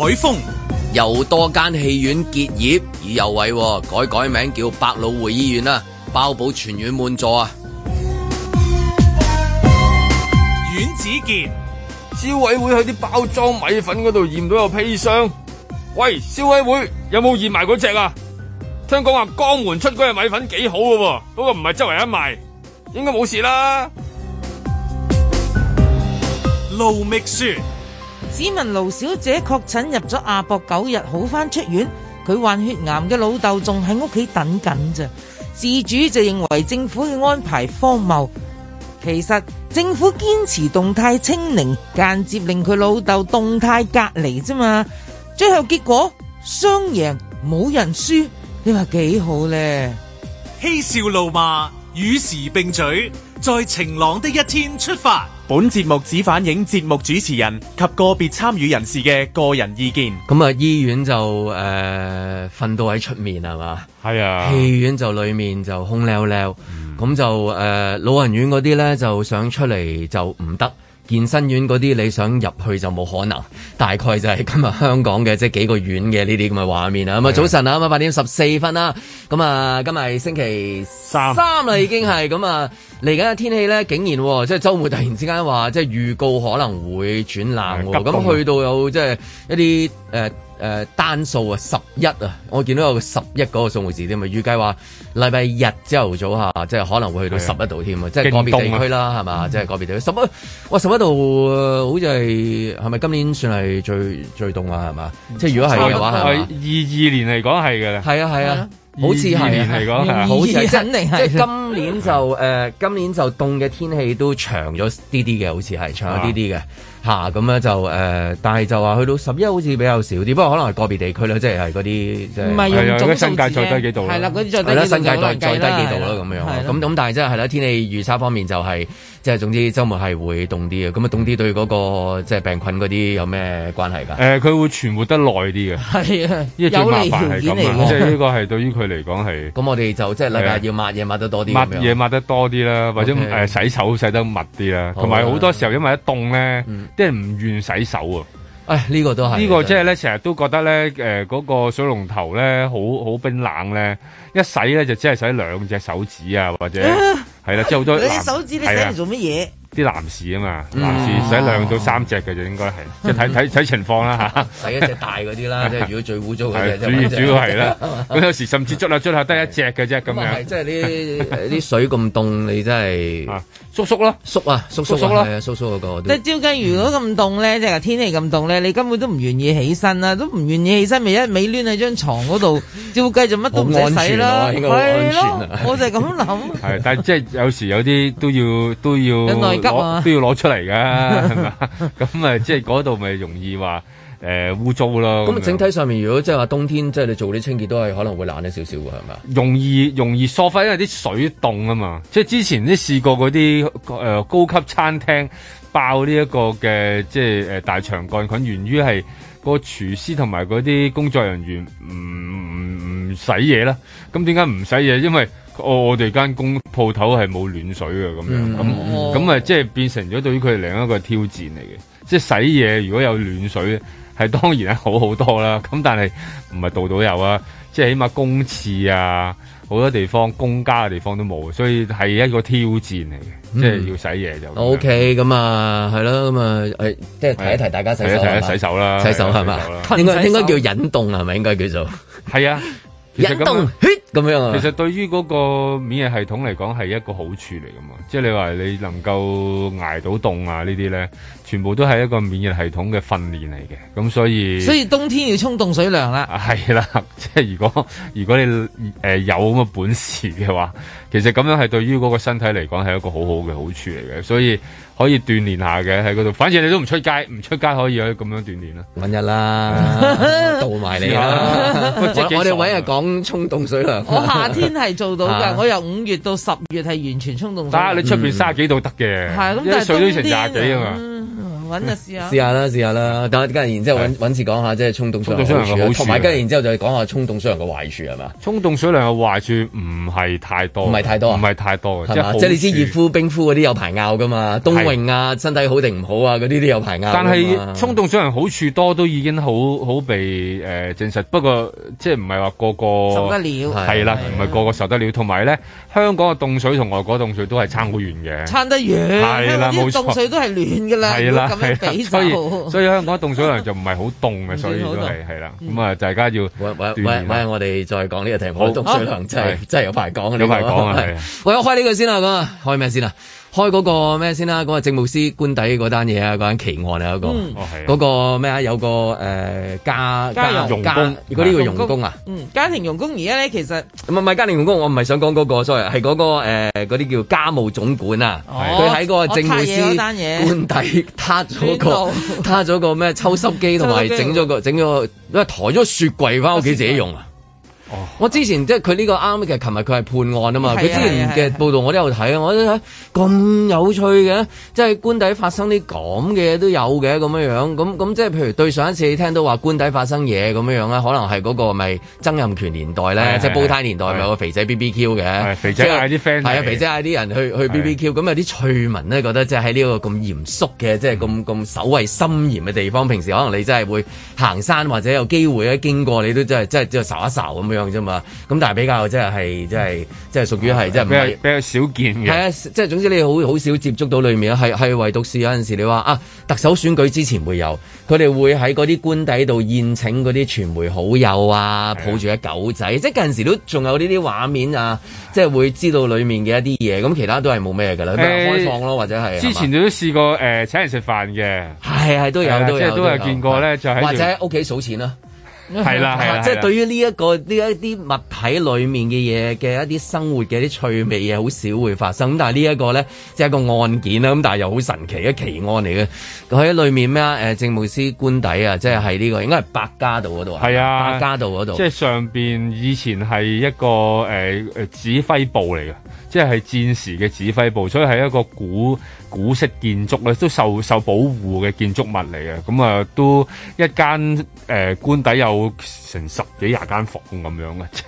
海豐又多間戲院結業，已有位改改名叫百老匯醫院啦。包保全院滿座啊！阮子杰，消委會喺啲包裝米粉嗰度驗到有砒霜。喂，消委會有冇驗埋嗰隻啊？聽講話江門出嗰隻米粉幾好噶，不過唔係周圍一賣，應該冇事啦。盧覓雪。市民盧小姐確診入咗阿博九日好翻出院，佢患血癌嘅老豆仲喺屋企等緊咋。事主就認為政府嘅安排荒謬，其實政府堅持動態清零，間接令佢老豆動態隔離啫嘛。最後結果雙贏，冇人輸，你話幾好呢？嬉笑怒罵，與時並舉，在晴朗的一天出發。本節目只反映節目主持人及個別參與人士嘅個人意見。咁啊，醫院就誒瞓到喺出面啊嘛，係啊，戲 院就裏面就空溜溜，咁 就誒、呃、老人院嗰啲咧就想出嚟就唔得。健身院嗰啲你想入去就冇可能，大概就係今日香港嘅即係幾個院嘅呢啲咁嘅畫面啦。咁啊，早晨啊，咁啊八點十四分啦。咁啊，今日星期三三啦已經係咁啊。嚟緊嘅天氣咧，竟然即係周末突然之間話即係預告可能會轉冷，咁去到有即係一啲誒。呃誒、呃、單數啊十一啊，11，我見到有十一嗰個數字添啊，預計話禮拜日朝頭早嚇，即係可能會去到十一度添啊，即係嗰邊地區啦，係嘛？嗯、即係嗰邊地區十一哇十一度，好似係係咪今年算係最最凍啊？係嘛？即係如果係嘅話係二二年嚟講係嘅啦，係啊係啊，好似係係，好似係 即係今年就誒、呃，今年就凍嘅天氣都長咗啲啲嘅，好似係長咗啲啲嘅。啊吓、啊，咁咧就誒、呃，但係就話去到十一好似比較少啲，不過可能係個別地區啦，即係嗰啲，即係唔係要總之咧？係啦，嗰啲再低幾度啦，係啦，新界再再低幾度啦，咁樣，咁咁，但係即係係啦，天氣預測方面就係、是。即係總之週末係會凍啲嘅，咁啊凍啲對嗰個即係病菌嗰啲有咩關係㗎？誒、呃，佢會存活得耐啲嘅。係 啊，因為最麻煩係咁啊。即係呢個係對於佢嚟講係。咁我哋就即係禮拜要抹嘢抹得多啲。抹嘢抹得多啲啦，或者誒洗手洗得密啲啦，同埋好多時候因為一凍咧，啲、啊嗯、人唔願意洗手啊。唉，呢個都係呢個，即係咧，成日都覺得咧，誒嗰個水龍頭咧，好好冰冷咧，一洗咧就只係洗兩隻手指啊，或者係啦，即係好多。啲手指你洗嚟做乜嘢？啲男士啊嘛，男士洗兩到三隻嘅就應該係，即係睇睇睇情況啦嚇，洗一隻大嗰啲啦，即係如果最污糟嗰隻。主要主要係啦，咁有時甚至捽下捽下得一隻嘅啫咁樣。即係啲啲水咁凍，你真係。縮叔咯，縮啊，叔縮縮咯，縮叔嗰個。但、嗯、係照計如果咁凍咧，即、就、係、是、天氣咁凍咧，你根本都唔願意起身啊，都唔願意起身，咪一咪攣喺張床嗰度， 照計就乜都唔使洗啦，係咯，我就咁諗。係， 但係即係有時候有啲都要都要，內 急啊，都要攞出嚟噶，咁 啊，即係嗰度咪容易話。誒污糟啦！咁整體上面，如果即係話冬天，即係你做啲清潔都係可能會冷啲少少嘅，係咪？容易容易疏忽，因為啲水凍啊嘛。即係之前啲試過嗰啲誒高級餐廳爆呢一個嘅即係誒大腸桿菌，源於係個廚師同埋嗰啲工作人員唔唔唔洗嘢啦。咁點解唔洗嘢？因為、哦、我哋間工鋪頭係冇暖水嘅咁樣咁咁啊，即、嗯、係、嗯、變成咗對於佢哋另一個挑戰嚟嘅。即係洗嘢如果有暖水。係當然係好好多啦，咁但係唔係度度有啊，即係起碼公廁啊，好多地方公家嘅地方都冇，所以係一個挑戰嚟嘅、嗯就是 okay, 啊啊嗯，即係要洗嘢就。OK，咁啊，係囉，咁啊，即係提一提大家洗手。提、啊、一提洗手啦，洗手係咪、啊啊？應該應該叫引凍係咪應該叫做？係 啊，忍凍，咁樣啊。其實對於嗰個免疫系統嚟講，係一個好處嚟噶嘛，即係你話你能夠捱到凍啊呢啲咧。全部都係一個免疫系統嘅訓練嚟嘅，咁所以所以冬天要沖凍水涼啦。係啦，即係如果如果你誒有咁嘅本事嘅話，其實咁樣係對於嗰個身體嚟講係一個好好嘅好處嚟嘅，所以可以鍛煉下嘅喺嗰度。反正你都唔出街，唔出街可以可以咁樣鍛煉啦。搵日啦，倒 埋你啦了。 我哋搵日講沖凍水涼。我夏天係做到嘅、啊，我由五月到十月係完全沖凍水涼。但係你出邊卅幾度得嘅，係咁，但係冬天，因為水都成廿幾啊嘛。嗯搵、啊、下，試下啦，試下啦。等下今日然之後揾次講下，即係沖凍水涼嘅好處。同埋今日然之後就講下沖凍水涼嘅壞處係嘛？沖凍水涼嘅壞處唔係太多，唔係太多、啊，唔係太多、就是、即係你知熱敷、冰敷嗰啲有排拗㗎嘛？冬泳啊，身體好定唔好啊？嗰啲都有排拗。但係沖凍水涼好處多都已經好好被誒證實。不過即係唔係話個個受得了？係啦，唔係個個受得了。同埋咧，香港嘅凍水同外國凍水都係差好遠嘅。差得遠。係凍水都係暖㗎啦。係啦。係，所以所以香港凍水涼就唔係好凍嘅，所以都係係啦。咁 啊、嗯，嗯、大家要喂喂喂，喂，喂我哋再講呢個題目，凍水涼真係真係有排講啊，有排講啊，係啊。喂，我開呢個先啦，咁啊，開咩先啊？那個開嗰個咩先啦、啊？嗰、那個政務司官邸嗰單嘢啊，嗰、那、單、個、奇案啊，嗰、那個嗰、嗯那個咩啊？有個誒、呃、家家用家嗰啲叫傭工啊？嗯，家庭傭工而家咧其實唔係係家庭傭工，我唔係想講嗰、那個，sorry，係嗰、那個誒嗰啲叫家務總管啊。哦，佢喺個政務司官邸，撻咗個，撻咗個咩抽濕機，同埋整咗個整個，因為抬咗雪櫃翻屋企自己用啊。哦、我之前即係佢呢個啱，其實琴日佢係判案啊嘛。佢之前嘅報道我，有我有都有睇啊，我都覺得咁有趣嘅，即係官邸發生啲咁嘅都有嘅咁樣樣，咁咁即係譬如對上一次你聽到話官邸發生嘢咁樣樣咧，可能係嗰、嗰個咪，曾蔭權年代咧，即係煲呔年代咪有個肥仔 B B Q 嘅，肥仔嗌啲 friend，係啊肥仔嗌啲人去去 B B Q，咁有啲趣聞咧，覺得即係喺呢個咁嚴肅嘅，即係咁咁守衞森嚴嘅地方，嗯，平時可能你真係會行山或者有機會咧經過，你都真係真係即係睄一睄咁樣。啫嘛，咁但係比較即係即係即係屬於係即係比較比較少見嘅。係啊，即係總之你好好少接觸到裏面係，係唯獨是有陣時你話啊，特首選舉之前會有，佢哋會喺嗰啲官邸度宴請嗰啲傳媒好友啊，抱住一狗仔，啊、即係近陣時都仲有呢啲畫面啊，即、就、係、是、會知道裏面嘅一啲嘢。咁其他都係冇咩㗎啦，開放咯或者係、欸。之前都試過誒請、呃、人食飯嘅，係係都有都有，係都，都，都，都見過咧，就喺或者喺屋企數錢啦、啊。係啦，即係對於呢一個呢一啲物體裏面嘅嘢嘅一啲生活嘅啲趣味嘢，好少會發生。但係呢一個咧，即係一個案件啦。咁但係又好神奇嘅奇案嚟嘅。佢喺裏面咩啊？誒，政務司官邸啊，即係喺呢個應該係白加道嗰度啊。係啊，白加道嗰度。即係上邊以前係一個誒誒指揮部嚟嘅，即係戰時嘅指揮部，所以係一個古。古式建築咧，都受受保護嘅建築物嚟嘅，咁啊都一間誒官邸有成十幾廿間房咁樣嘅，即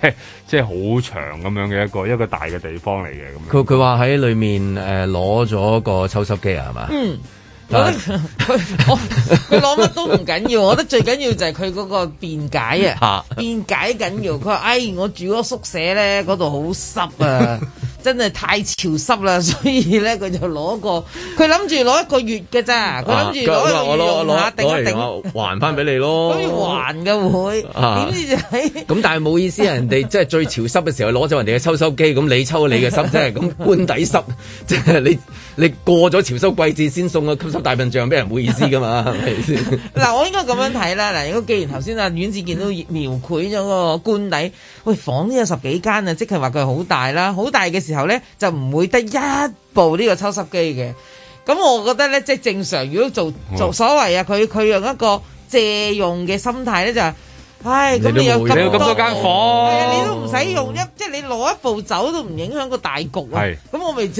即係好長咁樣嘅一個一個大嘅地方嚟嘅咁樣。佢佢話喺裡面誒攞咗個抽濕機啊，係嘛？嗯。覺得佢我佢攞乜都唔緊要，我覺得最緊要就係佢嗰個辯解啊！辯解緊要。佢話：哎，我住嗰宿舍咧，嗰度好濕啊，真係太潮濕啦，所以咧佢就攞個佢諗住攞一個月嘅咋。佢諗住攞一個月定、啊、一定、啊啊啊、還翻俾你咯。咁、啊、要還嘅、啊啊、會點知就係、是、咁？啊、 但係冇意思，人哋即係最潮濕嘅時候攞咗人哋嘅抽濕機，咁你抽你嘅濕，即係咁官底濕即係、就是、你你過咗潮濕季節先送個吸濕。大笨象俾人唔好意思㗎嘛，係咪先？嗱， 我應該咁樣睇啦。嗱，如果既然頭先阿阮子健都描繪咗個官邸，喂，房都有十幾間啊，即係話佢好大啦。好大嘅時候咧，就唔會得一部呢個抽濕機嘅。咁我覺得咧，即係正常。如果做做所謂啊，佢佢用一個借用嘅心態咧，就係、是。唉，咁你，你有咁多，多間房，你都唔使用一，即係你攞一步走都唔影響個大局啊。咁我咪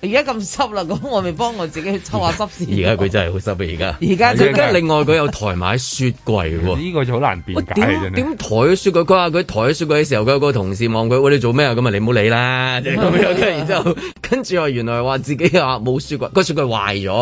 而家咁濕啦，咁我咪幫我自己抽下濕先。而家佢真係好濕而家而家最驚， 另外佢又抬埋雪櫃喎。呢個就好難辯解，點抬雪櫃？佢話佢抬雪櫃嘅時候，佢有個同事望佢，喂，你做咩啊？咁啊，你唔好理啦。咁樣跟住然之後，跟住話原來話自己話冇雪櫃，個雪櫃壞咗。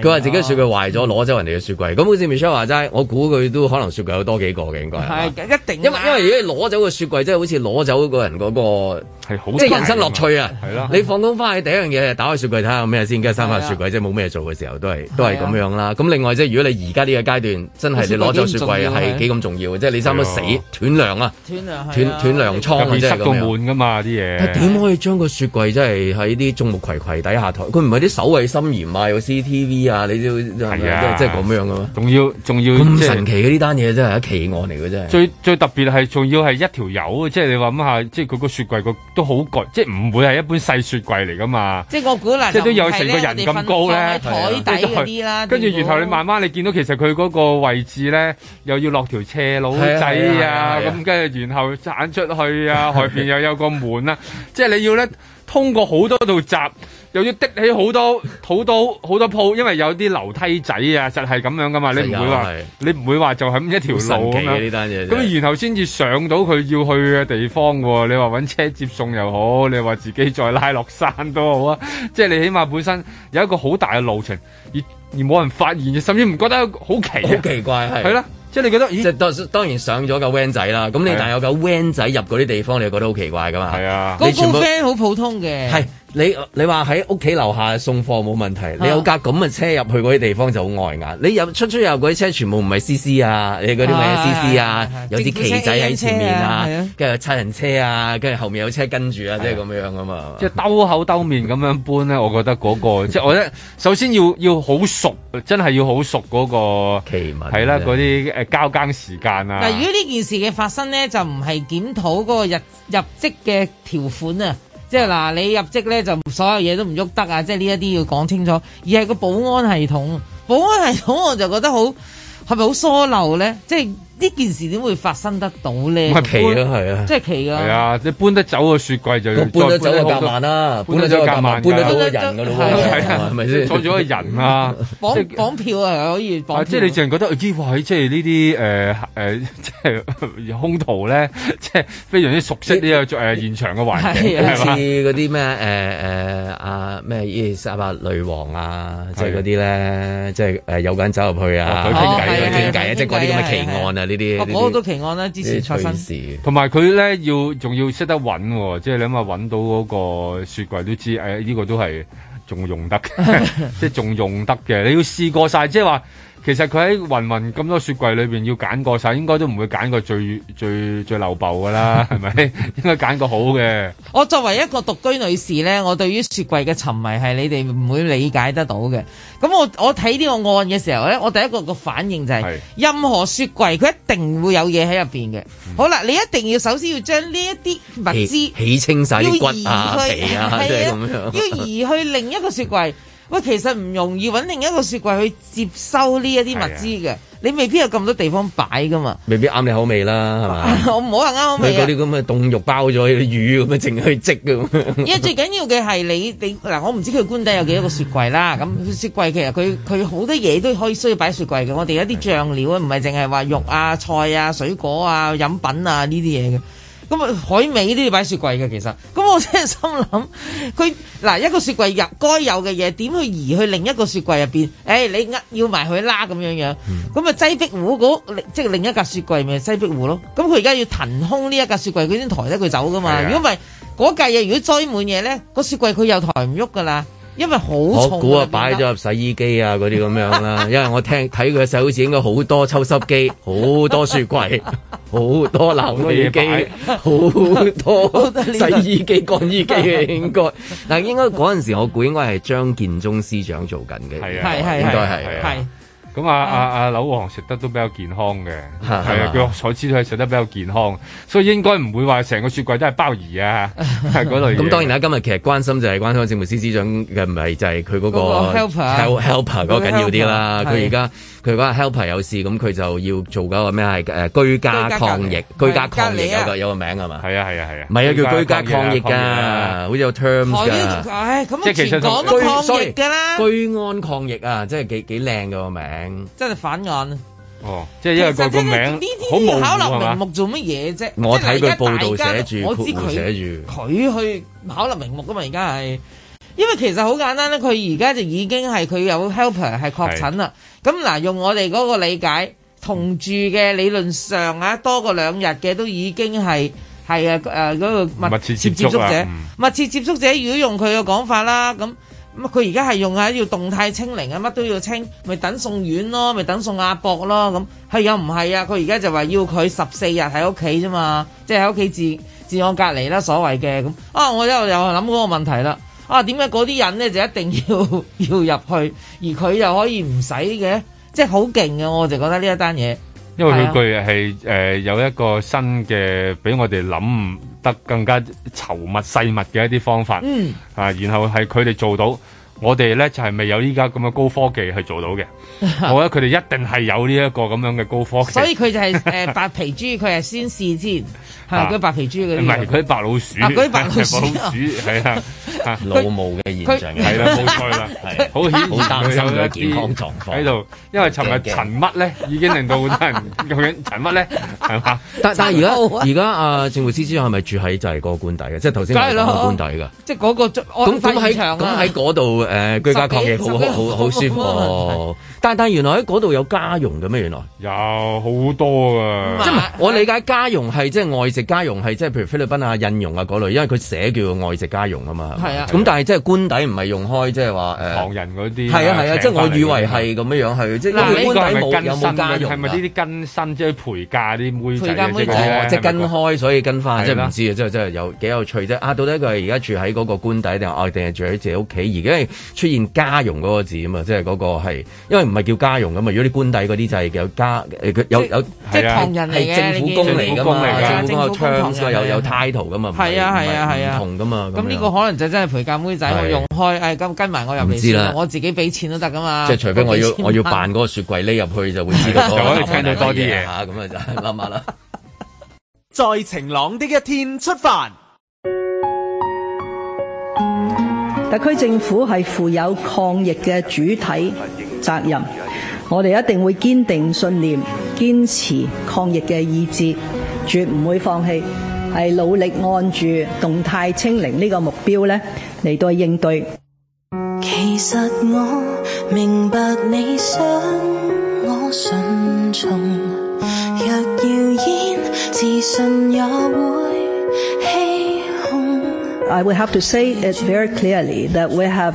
佢話自己雪櫃壞咗，攞走人哋嘅雪櫃。咁 好似 Michelle 話齋，我估佢都可能雪櫃有多幾個嘅。係，一定，因為因為如果你攞走個雪櫃，即係好似攞走個人嗰、嗰個。係好，即係人生樂趣啊！係啦，你放工翻去第一樣嘢打開雪櫃，睇下有咩先。跟住三下雪櫃，即係冇咩做嘅時候都係都係咁樣啦。咁另外即係如果你而家呢個階段真係你攞咗雪櫃係幾咁重要，即係你三不死斷糧啊，斷啊斷斷糧倉即係咁樣。塞個門㗎嘛啲嘢，點可以將個雪櫃真係喺啲眾目睽睽底下台？佢唔係啲守衞森嚴啊，有 C T V 啊，你都即係即係咁樣㗎嘛，仲要仲要咁神奇嘅呢單嘢真係奇案嚟嘅真。最最特別係仲要係一條友，即係你話下，即係佢個雪櫃個。都好貴，即唔會係一般細雪櫃嚟噶嘛。即我估難，即都有成個人咁高咧。跟住、啊、然，然後你慢慢你見到其實佢嗰個位置咧，又要落條斜路仔啊，咁跟住然後闖出去啊，外 邊又有個門啊， 即係你要咧。通過好多道閘，又要滴起好多好多好多鋪，因為有啲樓梯仔啊，實係咁樣噶嘛，你唔會話，你唔會話就係咁一條路咁樣。咁然後先至上到佢要去嘅地方喎，啊。你話搵車接送又好，你話自己再拉落山都好啊。即係你起碼本身有一個好大嘅路程，而而冇人發現，甚至唔覺得好奇，好奇怪係、啊、啦。即係你覺得，即係當當然上咗個 van 仔啦。咁你但有個 van 仔入嗰啲地方，你就覺得好奇怪噶嘛。係啊，個 van 好普通嘅。係。你你話喺屋企樓下送貨冇問題，你有架咁嘅車入去嗰啲地方就好礙眼。你入出出入嗰啲車全部唔係 CC 啊，你嗰啲咩 CC 啊，哎、呀有啲旗仔喺前面啊，跟住有七人車啊，跟住後面有車跟住啊，啊，即係咁樣噶嘛。即係兜口兜面咁樣搬咧， 我覺得嗰、那個即係我覺得首先要要好熟，真係要好熟嗰、那個。係啦、啊，嗰啲、啊、交更時間啊。但如果呢件事嘅發生咧，就唔係檢討嗰個入入職嘅條款啊。即係嗱，你入職咧就所有嘢都唔喐得啊！即係呢一啲要講清楚，而係個保安系統，保安系統我就覺得好，係咪好疏漏咧？即係。就是呢件事點會發生得到咧？奇咯，係啊，真係奇啊係啊，你搬得走個雪櫃就要搬得走個夾萬啦，搬得走個夾萬，搬得走，搬走、啊搬走、啊、搬走人噶咯喎，係咪先？撞咗個人啊、嗯綁！綁票啊？可以綁票、啊啊，即係你淨係覺得咦、哎？哇！即係呢啲誒誒，即係兇徒咧，即係非常之熟悉呢個誒現場嘅環境，係似嗰啲咩誒誒啊咩伊莎白女王啊，即係嗰啲咧，即係誒有個人走入去啊，佢傾偈佢傾偈啊，即係嗰啲咁嘅奇案啊！好多、啊、奇案啦、啊，之前出生時，同埋佢咧要仲要識得揾喎、哦，即係你諗下揾到嗰個雪櫃都知，誒、哎、呢、這個都係仲用得嘅，即係仲用得嘅，你要試過晒，即係話。其實佢喺芸芸咁多雪櫃裏邊要揀過晒，應該都唔會揀個最最最流暴㗎啦，係 咪？應該揀個好嘅。我作為一個獨居女士呢，我對於雪櫃嘅沉迷係你哋唔會理解得到嘅。咁我我睇呢個案嘅時候呢，我第一個個反應就係，是，任何雪櫃佢一定會有嘢喺入邊嘅。好啦，你一定要首先要將呢一啲物資起，起清晒，要移，啊、去，係啊樣，要移去另一個雪櫃。嗯喂，其實唔容易揾另一個雪櫃去接收呢一啲物資嘅、啊，你未必有咁多地方擺噶嘛。未必啱你口味啦，係嘛？ 我唔好話啱口味啊！嗰啲咁嘅凍肉包咗啲魚咁樣，淨去積嘛！因 為最緊要嘅係你你嗱，我唔知佢官邸有幾多個雪櫃啦。咁 雪櫃其實佢佢好多嘢都可以需要擺雪櫃嘅。我哋有一啲醬料啊，唔係淨係話肉啊、菜啊、水果啊、飲品啊呢啲嘢嘅。咁啊，海味都要擺雪櫃嘅，其實。咁我真心諗，佢嗱一個雪櫃入該有嘅嘢，點去移去另一個雪櫃入邊？誒、哎，你呃要埋去啦，咁樣樣。咁、嗯、啊擠壁壺嗰，即另一格雪櫃咪擠壁壺咯。咁佢而家要騰空呢一格雪櫃，佢先抬得佢走噶嘛、那個。如果唔係嗰格嘢，如果載滿嘢咧，個雪櫃佢又抬唔喐噶啦。因為好重，我估啊擺咗入洗衣機啊嗰啲咁樣啦。因為我聽睇佢手指應該好多抽濕機，好多雪櫃，好多冷氣機，好多洗衣機、乾衣機嘅應該。但嗱，應該嗰陣時候我估應該係張建宗司長做緊嘅，係啊，應該係係。咁啊啊啊，柳王食得都比較健康嘅，係啊，佢所知都係食得比較健康，所以應該唔會話成個雪櫃都係鮑魚啊。係嗰類 咁當然啦、啊，今日其實關心就係關心政務司司長嘅，唔係就係佢嗰個 helper、help、helper 嗰個緊要啲啦。佢而家佢嗰個 helper 有事，咁佢就要做嗰個咩係誒居家抗疫、居家抗疫有個有個名係嘛？係啊係啊係啊！唔係啊叫居家抗疫㗎，好似有 term 㗎，啊。唉，咁啊全港都抗疫、啊，居安抗疫啊，即係幾幾靚嘅個名。真係反案哦，即係因為個個名好冇考慮名目做乜嘢啫？我睇佢報道寫住，我知佢寫住，佢去考慮名目噶嘛？而家係，因為其實好簡單咧，佢而家就已經係佢有 helper 係確診啦。咁嗱，用我哋嗰個理解，同住嘅理論上啊，多過兩日嘅都已經係係啊誒嗰、啊那個密切接觸者，密切接觸、啊嗯、者如果用佢嘅講法啦咁。咁佢而家係用緊要動態清零啊，乜都要清，咪等送院咯，咪等送阿博咯，咁係又唔係啊，佢而家就話要佢十四日喺屋企啫嘛，即係喺屋企自自我隔離啦，所謂嘅咁啊，我一路又諗嗰個問題啦，啊點解嗰啲人咧就一定要要入去，而佢又可以唔使嘅，即係好勁嘅，我就覺得呢一單嘢，因為佢句係誒有一個新嘅俾我哋諗。得更加稠密細密嘅一啲方法，嗯啊，然後係佢哋做到。我哋咧就係、是、未有依家咁嘅高科技去做到嘅， 我覺得佢哋一定係有呢一個咁樣嘅高科技。所以佢就係、是呃、白皮豬，佢 係先試先，係白皮豬佢唔係佢白老鼠。佢、啊、白老鼠， 白老鼠， 白老鼠 啊，老毛嘅現象係啦，冇、啊啊、錯啦，好牽好擔心嘅健康狀況喺度。因為尋日陳乜咧已經令到好多人究竟 陳乜咧但但係而家而家啊，政務司司長係咪住喺就係個官邸嘅？ 即係頭先講官邸㗎。 即嗰個咁咁喺咁喺度。誒、呃、居家抗疫好好好，好舒服、哦。 但係原來喺嗰度有家傭嘅咩？原來有好多啊！即係我理解家傭係即係外籍家傭係即係譬如菲律賓啊、印傭啊嗰類，因為佢寫叫外籍家傭啊嘛。係啊。咁但係即係官邸唔係用開，即係話唐人嗰啲係啊係啊，啊、那個、啊，即係我以為係咁樣樣係，即係官邸冇有冇家傭啊？係咪呢啲跟身即係陪嫁啲妹仔即係跟開，所以跟翻，即係唔知啊！即係即係有幾有趣啫！啊，到底佢係而家住喺嗰個官邸定係定係住喺自己屋企？而家係出現家傭嗰個字啊嘛，即係嗰、那個係因為咪叫家傭咁嘛，如果啲官邸嗰啲就係有家，即有有，即係同人嚟嘅，政府工嚟噶嘛，政府工有噶，政，政有有，有 title 噶嘛，係啊係啊係啊，啊唔唔同噶嘛。咁呢、啊啊、個可能就真係陪嫁妹仔、啊，我用開，誒、哎、咁跟埋我又唔知先，我自己俾錢都得噶嘛。即係除非我要我要扮嗰個雪櫃匿入去就會知道多、那個。就我哋聽到多啲嘢吓，咁啊就諗下啦。再晴朗啲嘅一天出發，特區政府係負有抗疫嘅主體。 責任，我哋一定會堅定信念，堅持抗疫嘅意志，絕唔會放棄，係努力按住動態清零呢個目標咧嚟對應對。I would have to say it's very clearly that we have.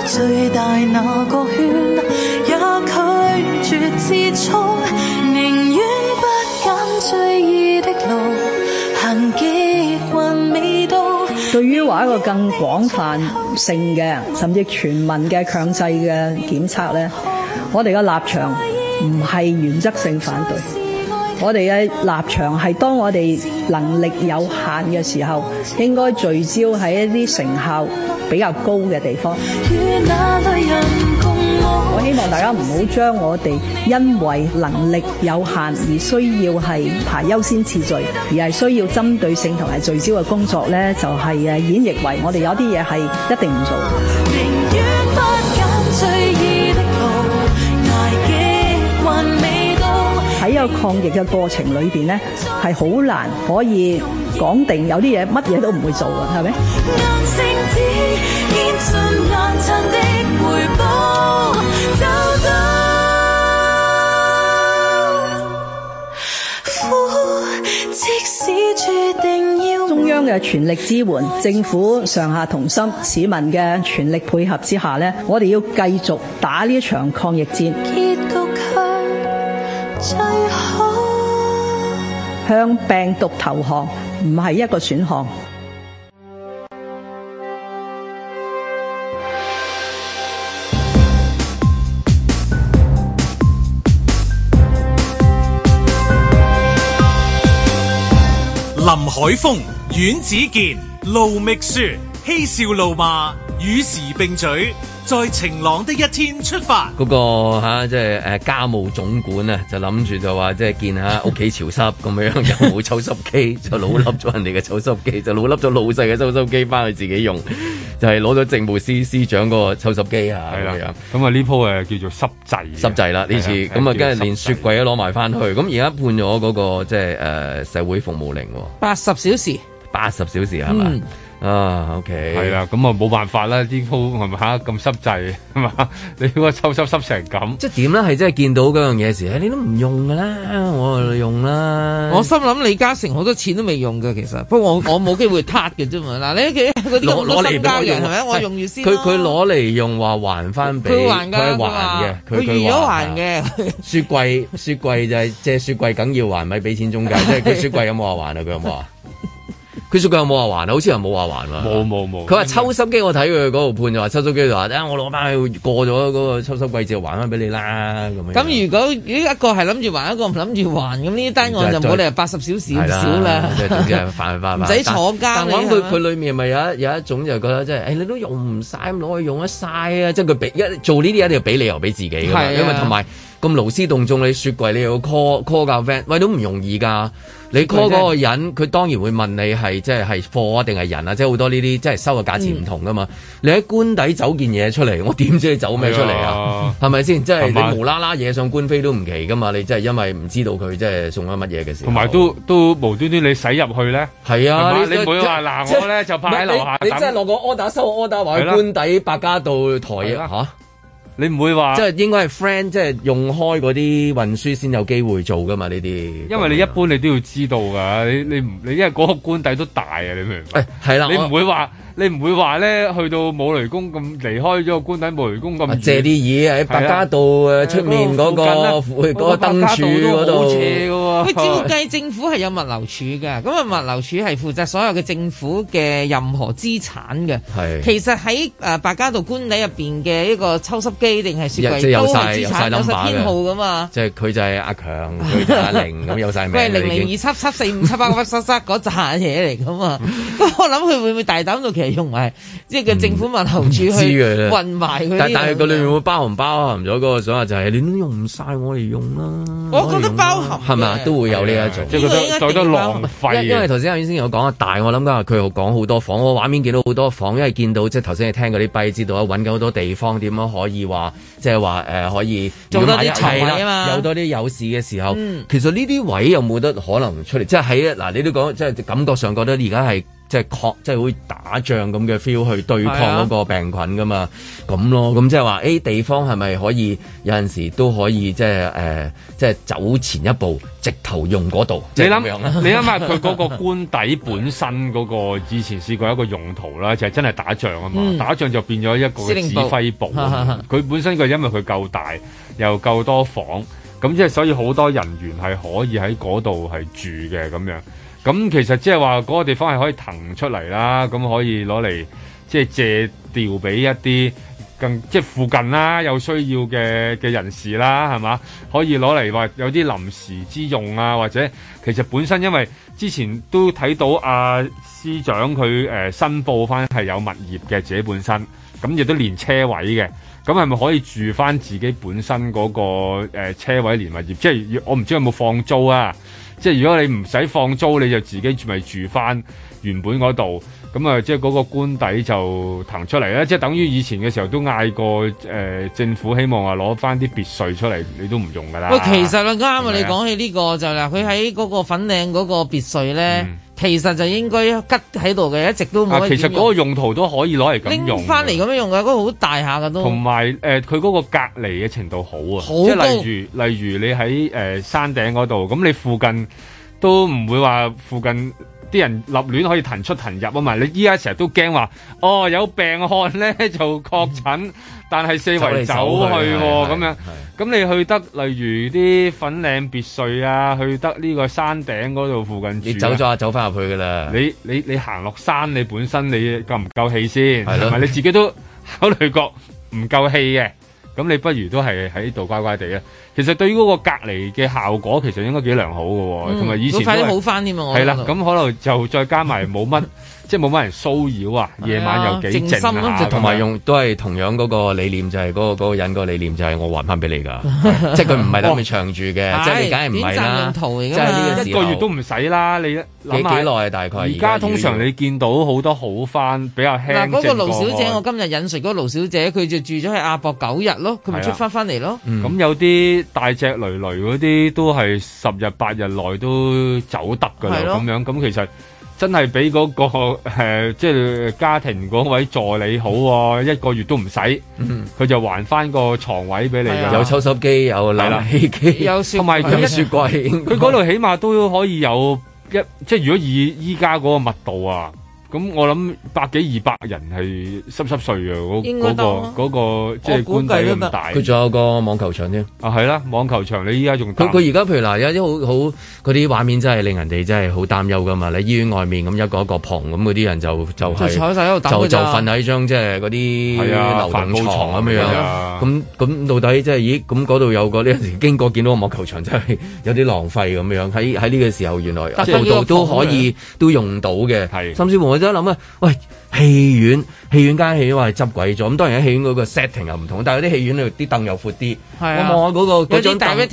最大那個圈，也拒絕接觸，寧願不減追憶的路。行幾遠都未到。對於話一個更廣泛性嘅，甚至全民嘅強制嘅檢測呢，我哋嘅立場唔係原則性反對，我哋嘅立場係當我哋能力有限嘅時候，應該聚焦喺一啲成效。比較高嘅地方，我希望大家唔好將我哋因為能力有限而需要係排優先次序，而係需要針對性同埋聚焦嘅工作咧，就係演繹為我哋有啲嘢係一定唔做。喺一個抗疫嘅過程裏面，咧，係好難可以。講定有啲嘢，乜嘢都唔會做嘅，係咪？中央嘅全力支援，政府上下同心，市民嘅全力配合之下，呢我哋要繼續打呢場抗疫戰，結毒最戰。向病毒投降。唔係一個選項。林海峰、阮子健、盧覓雪，嬉笑怒罵，與時並嘴。在晴朗的一天出發、那個，嗰個吓即係誒家務總管啊，就諗住就話即係見下屋企潮濕咁 樣，又冇抽濕機，就老笠咗人哋嘅抽濕機，就老笠咗老細嘅抽濕機翻去自己用，就係攞咗政務司司長嗰個抽濕機啊，係啊，咁啊呢鋪誒叫做濕滯，濕滯啦呢次，咁啊跟住連雪櫃都攞埋翻去，咁而家判咗嗰、那個即係誒社會服務令，八十小時，八十小時係嘛？啊、oh，OK，係啦，咁啊冇辦法啦，啲鋪係咪吓，咁濕滯，係嘛，你嗰個抽濕濕成咁，即係點咧？係真係見到嗰樣嘢時，你都唔用噶啦，我用啦。我心諗李嘉誠好多錢都未用噶，其實，不過我我冇機會撻嘅啫嘛。嗱、 啊，你佢攞嚟用係、啊、咪？我用完先、啊。佢佢攞嚟用話還翻俾佢還嘅，佢如果還嘅，雪櫃 雪櫃就係、是、借雪櫃梗要還咪俾 錢中介， 即係佢雪櫃有冇話還啊？佢有冇 佢最近有冇話還，還、嗯、啊？好似又冇話還喎。冇冇冇。佢話抽濕機，我睇佢嗰度判就話抽濕機就話，等我攞翻去過咗嗰個抽濕季節，還翻俾你啦。咁咁如果呢一個係諗住還，一個唔諗住還，咁呢單案我就冇理由八十、就是、小時咁少啦。即係犯犯犯。唔 使坐監但係佢佢裏面咪有一有一種就覺得即係，誒、哎、你都用唔晒，咁攞去用得晒。啊！即係佢俾一做呢啲一定要俾理由俾自己、啊、因為同埋。咁勞師動眾，你雪櫃你要 call call 架 van 喂，都唔容易噶。你 call 嗰個人，佢當然會問你係即係係貨啊定係人啊，即係好多呢啲即係收嘅價錢唔同噶嘛,、嗯啊啊就是、嘛。你喺官邸走件嘢出嚟，我點知你走咩出嚟啊？係咪先？即係你無啦啦嘢上官非都唔奇噶嘛。你即係因為唔知道佢即係送咗乜嘢嘅時候。同埋都都無端端你使入去咧，係啊！你唔會話嗱我咧就派喺樓下等。你真係落個 order 收 order，去官邸百家度台啊。你唔會話，即係應該係 friend，即係用開嗰啲運輸先有機會做㗎嘛？呢啲因為你一般你都要知道㗎，你你唔你，因為嗰個官底都大啊，你明唔明？誒係啦，你唔會話。你唔會話咧，去到冇雷公咁離開咗個官邸，冇雷公咁遠借啲嘢喺白加道誒出、啊、面嗰、嗰個嗰、嗰個嗰個、燈柱嗰度、啊。佢照計政府係有物流處嘅，咁啊物流處係負責所有嘅政府嘅任何資產嘅。其實喺誒白加道官邸入邊嘅一個抽濕機定係雪櫃都係資產有晒，編號嘅嘛。即係佢就係阿強，佢零零咁有晒名。喂， 零零二七七四五七八七七嗰扎嘢嚟嘅嘛。我諗佢會唔會大膽到？用埋即係個政府物頭處去混埋佢，但係佢裏面會包含包含咗嗰個想法，就係你都用唔晒，我嚟用啦。我覺得包含係咪啊？都會有呢一種，即係覺得覺得，覺得浪費。因為頭先阿宇先有講啊，大我諗佢又講好多房，我畫面見到好多房，因為見到即係頭先，你聽嗰啲幣知道啊，搵緊好多地方，點樣可以話，即係話誒，可以做得一位啊嘛，有多啲有市嘅時候，嗯、其實呢啲位有冇得可能出嚟？即係喺嗱，你都講，即係感覺上覺得而家係。即係抗，即係會打仗咁嘅 feel 去對抗嗰個病菌噶嘛，咁、啊、咯，咁即係話 A 地方係咪可以有陣時都可以即係誒，即係、呃、走前一步，直頭用嗰度。你諗，就是、你諗下佢嗰 個官邸本身嗰、那個以前試過一個用途啦，就係、是、真係打仗啊嘛、嗯，打仗就變咗一個指揮部。司令部。佢、嗯、本身佢因為佢夠大，又夠多房，咁即係所以好多人員係可以喺嗰度係住嘅咁樣。咁其實即係話嗰個地方係可以騰出嚟啦，咁可以攞嚟即係借調俾一啲更即係、就是、附近啦有需要嘅嘅人士啦，係嘛？可以攞嚟話有啲臨時之用啊，或者其實本身因為之前都睇到阿、啊、司長佢誒申報翻係有物業嘅自己本身，咁亦都連車位嘅，咁係咪可以住翻自己本身嗰個誒車位連物業？即、就、係、是、我唔知有冇放租啊？即係如果你唔使放租，你就自己咪住翻原本嗰度，咁啊即係嗰個官邸就騰出嚟咧。即係等於以前嘅時候都嗌過誒、呃、政府希望話攞翻啲別墅出嚟，你都唔用噶啦。喂，其實啊啱啊，你講起呢、呢個就嗱，佢喺嗰個粉嶺嗰個別墅咧。嗯其實就應該吉喺度嘅，一直都唔啊，其實嗰個用途都可以攞嚟用翻嚟咁樣用嘅，嗰個好大下嘅都。同埋誒，佢、呃、嗰個隔離嘅程度好啊，即係例如例如你喺、呃、山頂嗰度，咁你附近都唔會話附近。啲人立亂可以騰出騰入啊嘛！你依家成日都驚話，哦有病患咧就確診，但係四圍走去咁樣，咁你去得例如啲粉嶺別墅啊，去得呢個山頂嗰度附近住，你走咗啊走翻入去噶啦！你你你行落山，你本身你夠唔夠氣先？係咯，唔係你自己都考慮過唔夠氣嘅，咁你不如都係喺度乖乖地啊！其實對於嗰個隔離嘅效果，其實應該幾良好嘅，哦，同，嗯，埋以前都快啲好翻添啊！係啦，咁可能就再加埋冇乜， 即係冇乜人騷擾啊。夜晚又幾靜啊，即係同埋用都係同樣嗰個理念，就係，是，嗰，那個嗰，那個人個理念就係我還翻俾你噶， 即係佢唔係等你長住嘅，哦，即係你梗係唔係啦。點賺圖而家啦？一個月都唔使啦，你諗幾耐啊？大概而家通常你見到好多好翻，比較輕嗱。嗰，那個盧小姐，我今日引述嗰盧小姐，佢就住咗喺阿博九日咯，佢咪，啊，出翻翻嚟咯。咁，嗯，有啲大隻累累嗰啲都係十日八日內都走得噶啦，咁樣，咁其實真係俾嗰個誒，即、呃、係、就是、家庭嗰位助理好、啊，一個月都唔使，佢、嗯、就還翻個床位俾你，有抽濕機，有冷氣機，有同埋有雪櫃，佢嗰度起碼都可以有一，即係如果以依家嗰個密度啊。咁我諗百幾二百人係濕濕碎啊！嗰、那個嗰、那個即係官邸咁大，佢仲有個網球場添啊！係啦，網球場你依家仲佢佢而家譬如嗱，有啲好好嗰啲畫面真係令人哋真係好擔憂噶嘛！喺醫院外面咁一個一個棚咁，嗰啲人就就係、是、就就瞓喺張即係嗰啲流動床咁、啊、樣。咁咁、啊、到底即、就、係、是、咦？咁嗰度有個呢？經過見到個網球場真係有啲浪費咁樣。喺喺呢個時候，原來度度都，這個、都可以都用到嘅，甚至乎而家諗啊，喂！ 戲院戲院間戲院話係執鬼咗，咁當然喺戲院嗰個 setting 又唔同，但係啲戲院裏啲凳又闊啲、啊。我望下嗰個嗰啲嗰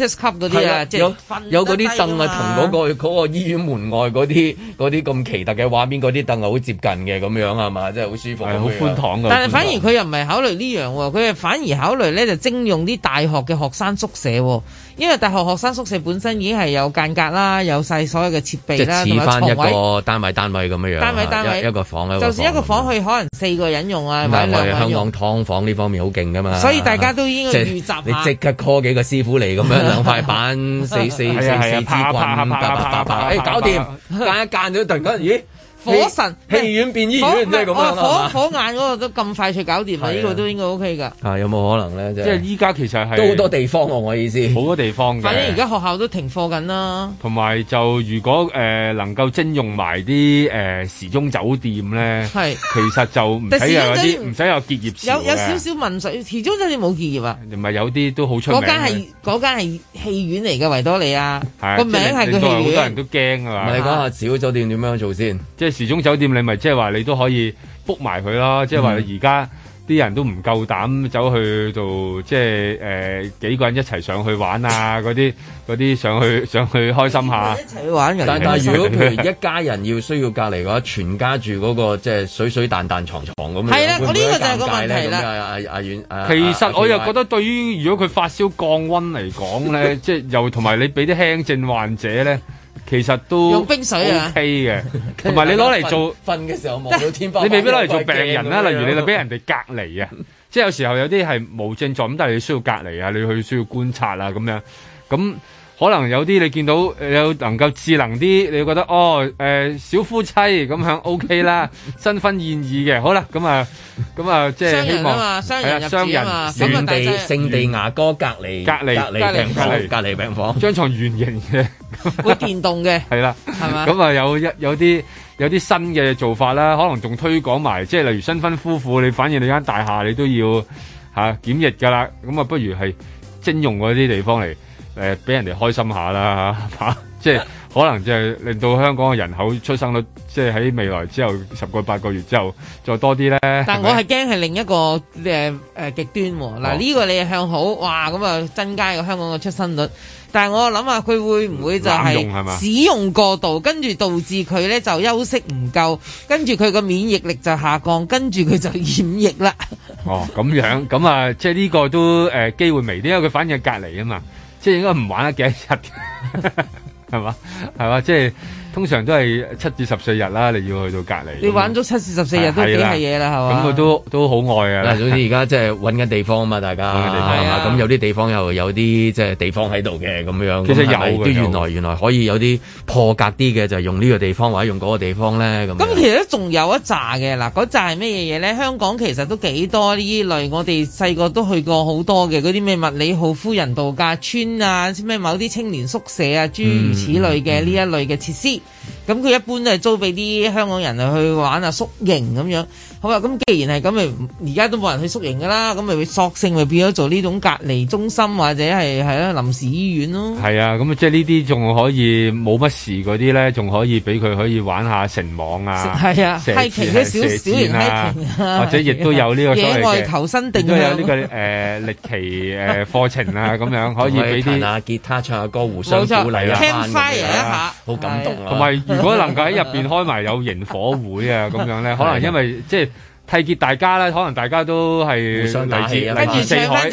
啊，即、就係、有嗰啲凳啊，同、嗰、嗰個嗰醫院門外嗰啲啲咁奇特嘅畫面嗰啲凳啊，好接近嘅咁樣係嘛，真係好舒服，好、啊寬，啊啊、寬，寬敞。但係反而佢又唔係考慮呢樣喎，佢係反而考慮咧就徵用啲大學嘅學生宿舍喎，因為大學學生宿舍本身已經係有間隔啦，有曬所有嘅設備就似、係、翻一個單位單位咁樣樣啦，一一個房咧。房去可能四個人用啊，買兩個人用、啊、香港劏房呢方面好勁㗎嘛，所以大家都已經你即刻 call 幾個師傅嚟咁樣，兩塊板，四四 四 四支棍，八八八，哎，搞掂，間一間咗突然間咦？火神戲院變醫院都係咁樣火火眼嗰個都咁快速搞掂啊！呢、 呢個都應該 OK 㗎、啊。有冇可能咧、就是？即係依家其實係好多地方我意思。好多地方嘅。反正而家學校都停課緊啦。同埋就如果誒、呃、能夠徵用埋啲誒時鐘酒店咧，係其實就唔使有啲唔使有結業。有有，有少少問題，時鐘酒店冇結業啊？唔係有啲都好出名的。嗰間係嗰間係戲院嚟嘅維多利亞，個名係個戲院。好多人都驚啊，唔、啊、係你講下小酒店點樣做先？時鐘酒店，你咪即係話你都可以 book 埋佢咯。即係話而家啲人都唔夠膽走去做，即係誒幾個人一齊上去玩啊！嗰啲啲上去上去開心一下。一齊去玩，但但係如果譬如一家人要需要隔離嘅話，全家住嗰、那個即係、就是、水水彈彈床牀咁樣。係咧、啊，我呢個就係個問題啦、啊啊。其實、啊、我又覺得，對於如果佢發燒降溫嚟講咧，即 係又同埋你俾啲輕症患者咧。其實都、OK、用冰水啊，OK 嘅，同埋你攞嚟做瞓嘅時候望到天花板，你未必攞嚟做病人啦。例如你就俾人哋隔離啊， 即係有時候有啲係無症狀咁，但係你需要隔離啊，你去需要觀察啊咁樣，咁。可能有啲你見到有能夠智能啲，你覺得哦誒小夫妻咁樣 OK 啦，新婚宴意嘅，好啦咁啊咁啊即係希望商人啊嘛，商人入住嘛，聖地聖地牙哥隔離隔離隔離病房，隔離病房張牀圓形嘅，會電動嘅，係啦，係嘛咁啊有一有啲有啲新嘅做法啦，可能仲推廣埋，即係例如新婚夫婦，你發現你間大廈你都要嚇檢疫㗎啦，咁啊不如係徵用嗰啲地方嚟。誒、呃，俾人哋開心下啦嚇，即 係 可能就係令到香港嘅人口出生率，即係喺未來之後十個八個月之後再多啲咧。但我係驚係另一個誒誒極端喎、啊。嗱、哦、呢個你係向好，哇咁啊增加個香港嘅出生率。但係我諗下佢會唔會就係、嗯、使用過度，跟住導致佢咧就休息唔夠，跟住佢個免疫力就下降，跟住佢就染疫啦。哦，咁樣咁啊，即係呢個都誒機、呃、會微啲，因為佢反應隔離啊嘛。即係應該唔玩得幾日嘅，係 嘛？ 係嘛？即係。通常都係七至十四日啦，你要去到隔離。你玩咗七至十四日，啊、都幾係嘢啦，係嘛？咁佢都都好愛啊！嗱，啊啊，總之而家即係揾緊地方啊嘛，大家咁有啲地方又，啊、有啲即係地方喺度嘅咁樣。其實有啲原來原來可以有啲破格啲嘅，就係，是，用呢個地方或者用嗰個地方咧咁。咁其實仲有一紮嘅嗱，嗰扎係咩嘢嘢咧？香港其實都幾多呢啲類，我哋細個都去過好多嘅嗰啲咩麥理浩夫人度假村啊，咩某啲青年宿舍啊，諸如此類嘅呢，嗯、一類嘅設施。咁佢一般都係租俾啲香港人啊，去玩啊宿營咁樣。好啊！咁既然係咁，咪而家都冇人去宿營噶啦，咁咪會索性咪變咗做呢種隔離中心或者係係啦臨時醫院咯。係啊，咁啊即係呢啲仲可以冇乜事嗰啲咧，仲可以俾佢可以玩下城網啊，射箭啊，或者亦都有呢個所謂嘅求生定力，都有呢個誒歷奇誒課程啊咁樣，可以俾啲彈下吉他、唱下歌、互相鼓勵啦，聽 fire 一下，好感動。同埋如果能夠喺入邊開埋有營火會啊咁樣咧，可能因為即係。締結大家咧，可能大家都係嚟自嚟、啊、自、啊啊、四海，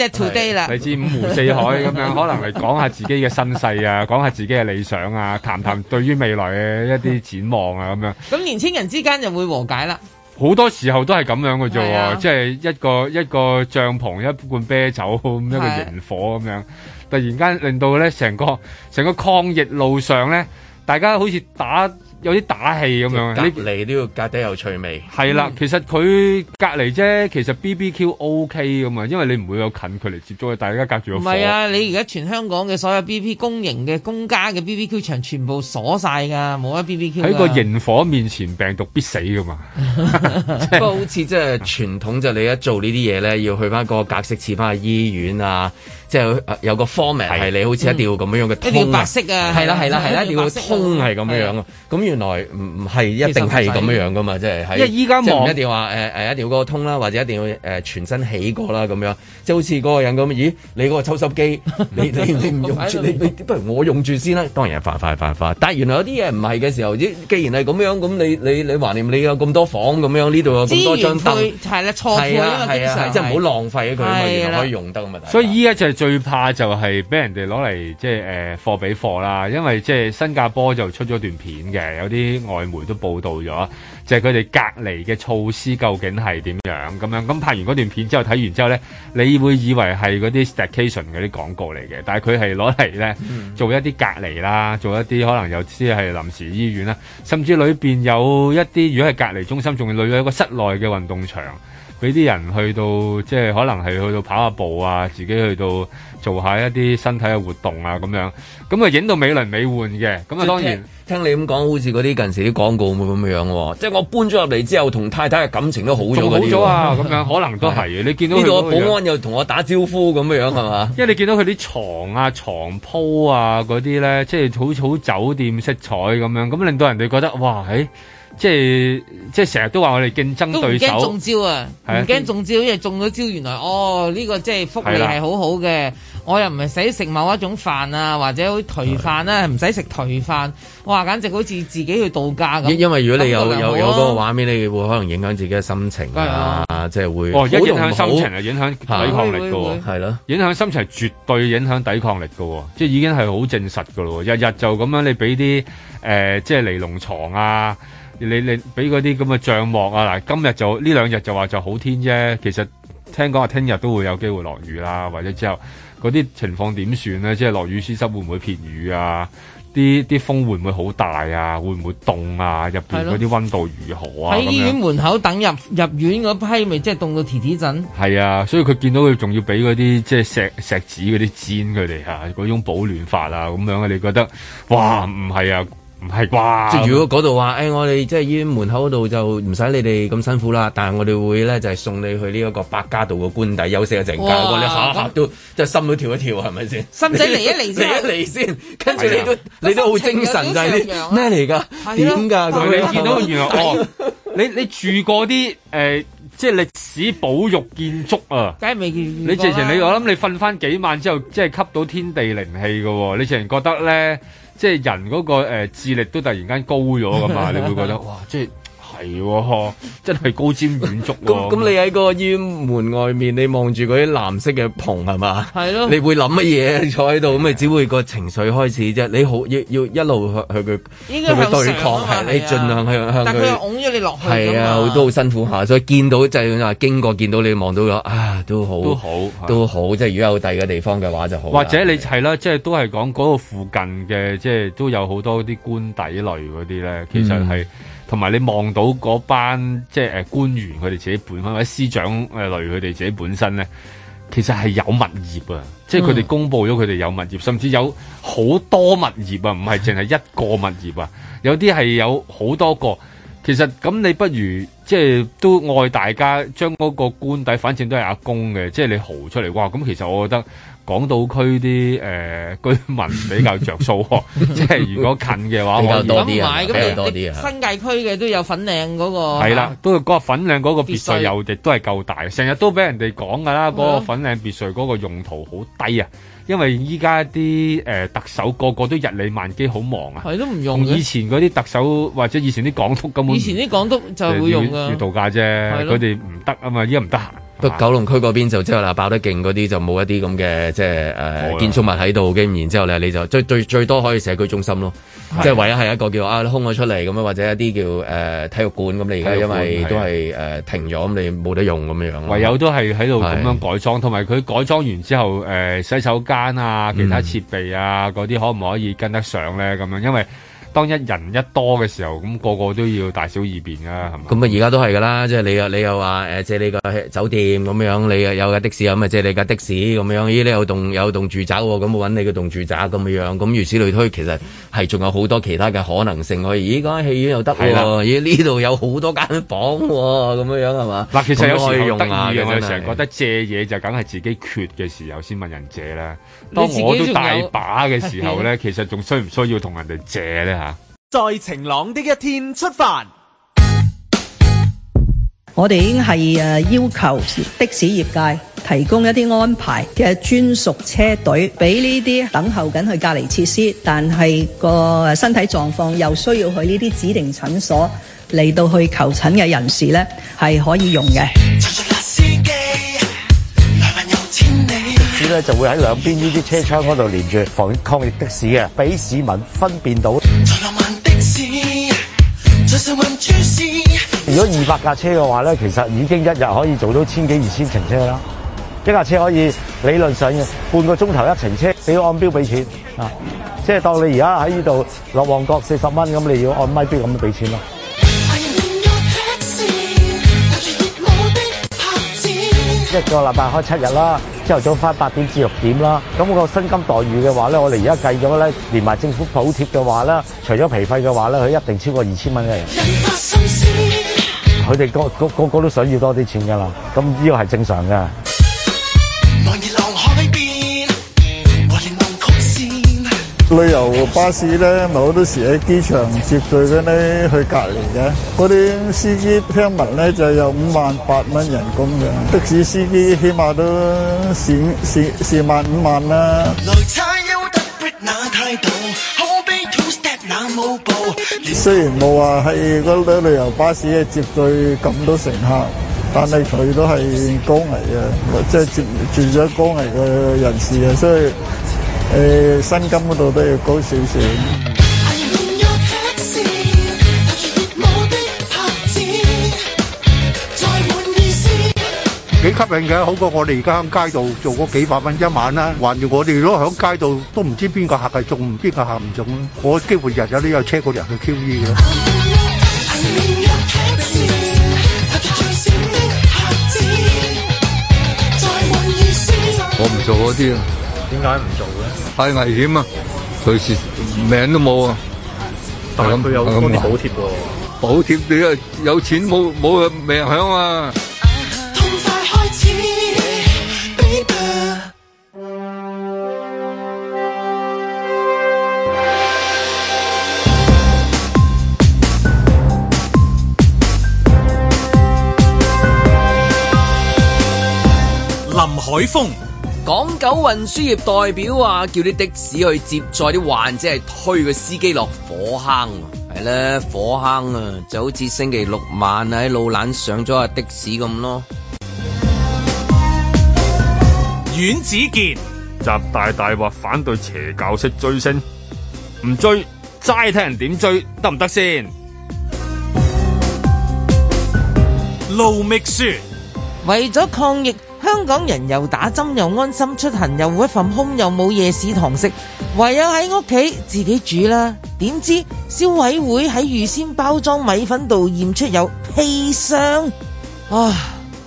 嚟自五湖四海咁樣， 可能嚟講下自己嘅身世啊，講 下自己嘅理想啊，談 談對於未來嘅一啲展望啊咁 樣。咁年輕人之間就會和解啦。好多時候都係咁樣嘅啫、啊啊，即係一個一個帳篷、一罐啤酒咁，一個營火咁樣，突然間令到咧成個成個抗疫路上咧，大家好似打。有啲打氣咁樣，隔離都要隔底有趣味。係啦，嗯、其實佢隔離啫，其實 BBQ OK 㗎嘛，因為你唔會有近距離接觸大家隔住個。唔係啊，你而家全香港嘅所有 BB 公營嘅公家嘅 BBQ 場全部鎖晒㗎，冇乜 BBQ。喺個營火面前，病毒必死㗎嘛。 不過好似即係傳統，就你一做呢啲嘢咧，要去翻個格式似翻個醫院啊，即、就、係、是、有個 format 係你、啊、好似、啊啊、一定要咁樣嘅、嗯。一條白色啊，係啦係啦係啦，一，定要，啊一，定要，啊、一定要通係咁、啊啊啊、樣咁原來唔唔係一定係咁樣樣噶嘛，即係喺因為依家，忙，唔一定話誒誒，一定要嗰個通啦，或者一定要誒、呃、全身起過啦咁樣，即係好似嗰個人咁咦？你嗰個抽濕機，你你你唔用住 你用，你不如我用住先啦。當然係快快快快，但係原來有啲嘢唔係嘅時候，即係既然係咁樣，咁你你你懷念你有咁多房咁樣，呢度有咁多張凳，係啦，錯配啊，係啊，即係唔好浪費咗佢，可以用得咁啊。所以依家就係最怕就係俾人哋攞嚟即係誒貨比貨啦，因為即係新加坡就出咗段片嘅。嗰啲外媒都報道咗，就係佢哋隔離嘅措施究竟係點樣咁樣？咁拍完嗰段片之後睇完之後呢，你會以為係嗰啲 station 嗰啲廣告嚟嘅，但係佢係攞嚟呢、嗯、做一啲隔離啦，做一啲可能有啲係臨時醫院啦，甚至裏邊有一啲，如果係隔離中心，仲要有一個室內嘅運動場。俾啲人去到即係可能係去到跑下步啊，自己去到做一下一啲身體嘅活動啊，咁樣咁啊影到美輪美奐嘅，咁啊當然就聽,聽你咁講，好似嗰啲近時啲廣告咁嘅樣喎、啊。即係我搬咗入嚟之後，同太太嘅感情都好咗。做好咗啊，咁、啊、 樣可能都係你見到呢度保安又同我打招呼咁樣樣係嘛？因為你見到佢啲床啊、床鋪啊嗰啲咧，即係好好酒店色彩咁樣，咁令到人哋覺得哇誒。欸.即係即係成日都話我哋競爭對手，驚中招啊！唔驚、啊、中招，因為中咗招，原來哦呢、這個即係福利係好好嘅、啊，我又唔使食某一種飯啊，或者好頹飯啊，唔使食頹飯，哇！簡直好似自己去度假咁。因為如果你有、那個、有、啊、有嗰個畫面，你會可能影響自己嘅心情啊，即係、啊就是、會哦，一影響心情就影響抵抗力噶，係咯、啊啊啊啊啊啊，影響心情係絕對影響抵抗力噶、啊啊啊，即係已經係好證實噶咯，日日就咁樣你俾啲誒即係尼龍床啊。你你俾嗰啲咁嘅帳幕啊！嗱，今日就呢兩日就話就好天啫，其實聽講話聽日都會有機會落雨啦，或者之後嗰啲情況點算咧？即係落雨先濕會唔會撇雨啊？啲啲風會唔會好大啊？會唔會凍啊？入面嗰啲溫度如何啊？喺醫院門口等入入院嗰批，咪即係凍到鐵鐵陣。係啊，所以佢見到佢仲要俾嗰啲即係石石紙嗰啲煎佢哋啊，嗰種保暖法啊，咁樣你覺得哇唔係啊？唔係啩？即係如果嗰度話，誒、哎，我哋即係醫院門口嗰度就唔使你哋咁辛苦啦。但係我哋會咧就係、是、送你去呢一個百家道嘅官邸休息一陣間。哇！你下下都即係心都跳一跳，係咪先？心仔嚟一嚟先，嚟一嚟先。跟住你都你都好精神、啊、就係呢樣咩嚟噶？點噶？你見 到原來 哦？你你住過啲誒、呃，即係歷史保育建築啊？梗係未見。你直情、嗯、你我諗你瞓翻幾晚之後，即係吸到天地靈氣噶。你直情覺得咧？即係人嗰個誒、呃、智力都突然間高咗㗎嘛， 你會覺得 哇！即係。係喎、哦，真係高瞻遠矚，啊。咁 咁，你喺個醫院門外面，你望住嗰啲藍色嘅棚係嘛？係咯，你會諗乜嘢坐喺度？咁咪只會個情緒開始啫。你好，要要一路去去佢，應該對抗係，你盡量向向但佢又拱咗你落去。係啊，都好辛苦下。所以見到即係話經過，見到你望到咗，啊，都好，都好，都好。即係如果有第二個地方嘅話就好。或者你係啦，即係、就是、都係講嗰個附近嘅，即、就、係、是、都有好多啲官邸類嗰啲咧，其實係。嗯同埋你望到嗰班即係誒官員佢哋自己本身或者司長誒類佢哋自己本身咧，其實係有物業啊，即係佢哋公布咗佢哋有物業，物業嗯、甚至有好多物業啊，唔係淨係一個物業啊，有啲係有好多個。其實咁你不如即係都愛大家，將嗰個官邸反正都係阿公嘅，即係你豪出嚟哇！咁其實我覺得。港島區啲誒、呃、居民比較着數， 即係如果近嘅話，比較多啲啊。咁新界區嘅都有粉嶺嗰、嗰個係啦，都個、啊、粉嶺嗰個別墅又亦都係夠大，成日都俾人哋講㗎啦。嗰、嗰個粉嶺別墅嗰個用途好低啊，因為依家啲誒特首個個都日理萬機好忙啊，係都唔用。以前嗰啲特首或者以前啲港督根本以前啲港督就會會用要，要度假啫，佢哋唔得啊嘛，依家唔得。不過九龍區嗰邊就之後啦，爆得勁嗰啲就冇一啲咁嘅即係誒建築物喺度嘅，然之後咧你就最最最多可以社區中心咯，即係唯一係一個叫啊空咗出嚟咁或者一啲叫誒、呃、體育館咁你而家因為都係誒、呃、停咗咁，你冇得用咁樣唯有都係喺度咁樣改裝，同埋佢改裝完之後誒、呃、洗手間啊、其他設備啊嗰啲、嗯、可唔可以跟得上咧？咁樣因為。當一人一多嘅時候，咁、那個個都要大小二便啊，係嘛？咁啊，而家都係噶啦，即係你，你又你又話借你個酒店咁樣，你又有架的士咁啊借你架的，的士咁樣，咦，你有棟有棟住宅喎，咁搵你個棟住宅咁樣，咁如此類推，其實係仲有好多其他嘅可能性喎。咦，家、那、戲、個、戲院又得喎、啊，咦呢度有好多間房喎、啊，咁樣樣係嘛？嗱，其實有時用得意嘅時候，覺得借嘢就梗係自己缺嘅時候先問人借啦。當我都大把嘅時候咧，其實仲需唔需要同人哋借咧？在晴朗的一天出發，我哋已經係誒要求的士業界提供一啲安排嘅專屬車隊，俾呢啲等候緊去隔離設施，但係個身體狀況又需要去呢啲指定診所嚟到去求診嘅人士呢係可以用嘅。的士咧，就會喺兩邊呢啲車窗嗰度連住防疫抗疫的士嘅，俾市民分辨到。如果二百架車嘅話咧，其實已經一日可以做到千幾二千程車啦。一架車可以理論上半個鐘頭一程車，你要按表俾錢啊。即係當你而家喺呢度落旺角四十蚊咁，你要按咪表咁樣俾錢咯。一個禮拜開七日啦。朝頭早翻八點至六點啦，咁個薪金待遇嘅話咧，我哋而家計咗咧，連埋政府補貼嘅話咧，除咗皮費嘅話咧，佢一定超過二千蚊嘅人。佢哋個個個都想要多啲錢㗎啦，咁呢個係正常嘅。旅遊巴士咧，咪好多時喺機場接載嗰啲去隔離嘅，嗰啲司機聽聞咧就有五萬八蚊人工嘅，的士司機起碼都四四四萬五萬啦。雖然冇話喺嗰啲旅遊巴士啊接載咁多乘客，但係佢都係高危嘅，即係接接住咗高危嘅人士啊，所以。誒、欸，薪金度都要高少少。幾吸引嘅，好過我哋而家喺街度做嗰幾百蚊一晚啦。橫住我哋如果響街度都唔知邊個客係中，邊個客唔中。我幾乎日日都有車個人去 QE 嘅。我唔做嗰啲，點解唔做？太危險啊！隨時命都冇啊！但係佢有嗰個補貼喎，補貼你啊，有錢冇冇命享啊！開始 Baby、林海峰。港九運輸業代表話，叫啲的士去接載啲患者，係推個司機落火坑，係呢，火坑啊，就好似星期六晚喺路懶上咗架的士咁咯。阮子健習大大話反對邪教式追星，唔追，齋聽人點追得唔得先？盧覓雪：為咗抗疫。香港人又打針又安心出行又一份空又冇夜市堂食，唯有喺屋企自己煮啦。點知消委會喺預先包裝米粉度驗出有砒霜，啊！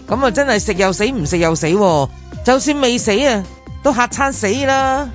咁啊真係食又死唔食又死，就算未死啊都吓餐死啦！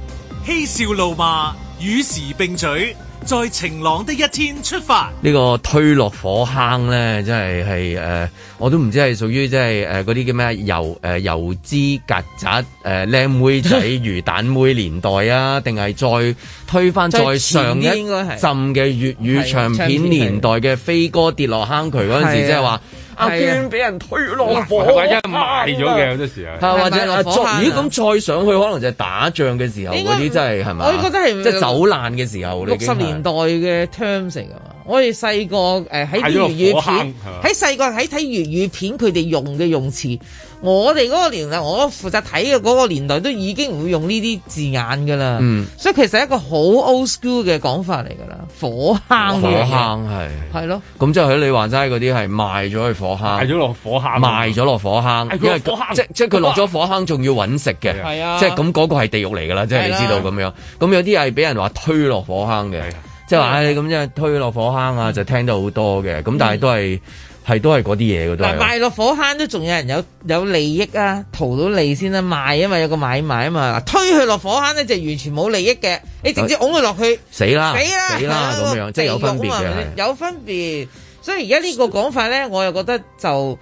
嬉笑怒罵與時並舉。在晴朗的一天出發，呢個推落火坑咧，真係係誒，我都唔知係屬於即係誒嗰啲叫咩油誒、呃、油脂曱甴誒靚妹仔 魚蛋妹年代啊，定係再推翻應再上一浸嘅粵語長片、啊、年代嘅飛哥跌落坑渠嗰陣時，即係話。阿娟俾人推、啊、落火坑，或者賣咗嘅好多時候是是啊！啊，或者阿再咦咁再上去，可能就係打仗嘅時候嗰啲，真係係咪我覺得真係即係走難嘅時候，六十年代嘅 terms 啊！我哋細個誒喺啲粵語片，喺細個喺睇粵語片，佢哋用嘅用詞，我哋嗰個年代，我負責睇嘅嗰個年代，都已經唔會用呢啲字眼噶啦。嗯，所以其實一個好 old school 嘅講法嚟㗎啦，火坑火坑係，係咯，咁即係喺你話齋嗰啲係賣咗去火坑，賣咗落火坑，賣咗落火，火坑，因為即即係佢落咗火坑仲要揾食嘅，係啊，即係咁嗰個係地獄嚟㗎啦，即係你知道咁樣。咁有啲係俾人話推落火坑嘅。即、就、話、是啊、你咁即係推落火坑啊、嗯，就聽到好多嘅，咁但係都係係、嗯、都係嗰啲嘢嗰都，都、啊。賣賣落火坑都仲有人有有利益啊，淘到利先啦、啊，賣啊嘛有個買賣啊嘛，推去落火坑咧就是、完全冇利益嘅，你直接拱佢落去、啊、死啦死啦死啦咁樣，那個、即係有分別嘅，有分別，所以而家呢個講法咧，我又覺得就。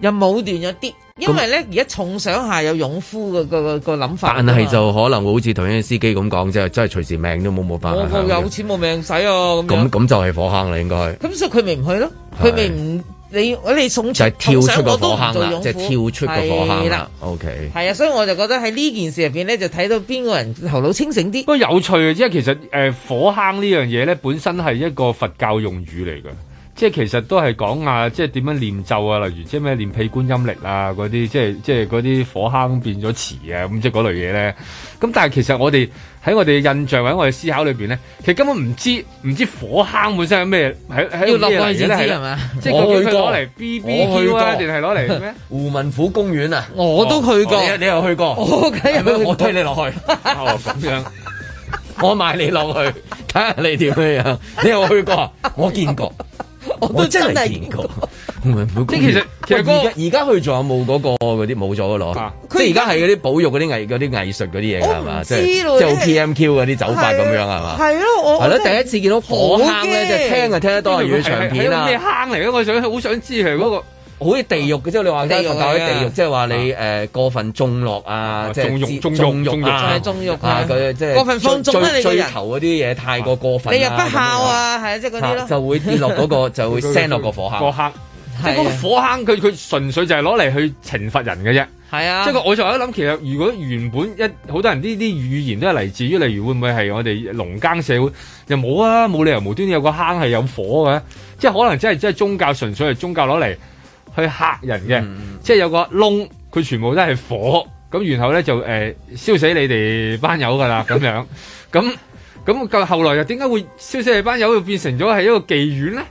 又冇斷咗啲，因為咧而家重賞下有勇夫嘅個個諗法，但係就可能會好似同啲司機咁講，即係真係隨時命都冇冇辦法。我有錢冇命使喎、啊。咁咁就係火坑啦，應該，應該。咁所以佢咪唔去咯？佢咪唔你你送出就係、是、跳出個火坑啦，即係、就是、跳出個火坑啦。OK。係啊，所以我就覺得喺呢件事入邊咧，就睇到邊個人頭腦清醒啲。不過有趣啊，即係其實誒火坑呢樣嘢咧，本身係一個佛教用語嚟嘅。即係其實都係講啊，即係點樣念咒啊，例如即係咩念彼觀音力啊，嗰啲即係即係嗰啲火坑變咗池啊，咁即係嗰類嘢咧。咁但係其實我哋喺我哋嘅印象或者我哋思考裏邊咧，其實根本唔知唔知火坑本身係咩。喺喺嗰個即係攞嚟 B B Q 啊，定係攞嚟咩？胡文虎公園啊，我都去過。啊去過哦哦、你又去過？我你，我推你落去咁、 哦、這樣， 我埋你落去睇下你點樣。你又去過？ 我見過。 我都真係見過，即係 其實其實而家而家佢仲有冇嗰、嗰個嗰啲冇咗咯？即係而家係嗰啲保育嗰啲藝啲藝術嗰啲嘢係嘛？即係好 P M Q 嗰啲走法咁、啊、樣係嘛？係咯、啊，我係咯、啊、第一次見到火坑咧，即係聽啊聽得多係如唱片啦，係咩坑嚟？我想好想知佢嗰、嗰個。好似地獄嘅，即係你話地獄，地獄，即係話你誒過分縱慾啊，即係縱慾、縱慾啊，縱慾啊，佢即係過分放縱啦！你追求嗰啲嘢太過過分、啊，你又不孝啊，係啊，即係嗰啲咯、啊，就會跌落嗰、那個 就會升落個火坑，火坑即係嗰個火坑，佢佢、啊、純粹就係攞嚟去懲罰人嘅啫，係啊！即、就、係、是、我就喺度諗，其實如果原本一好多人呢啲語言都係嚟自於，例如會唔會係我哋農耕社會又冇啊，冇理由無端有個坑係有火嘅，即、就、係、是、可能即係真係宗教純粹係宗教攞嚟。去嚇人嘅，嗯，即係有個窿，佢全部都係火，咁然後咧就誒、呃、燒死你哋班友噶啦咁樣，咁咁咁後來又點解會燒死你班友，又變成咗係一個妓院咧？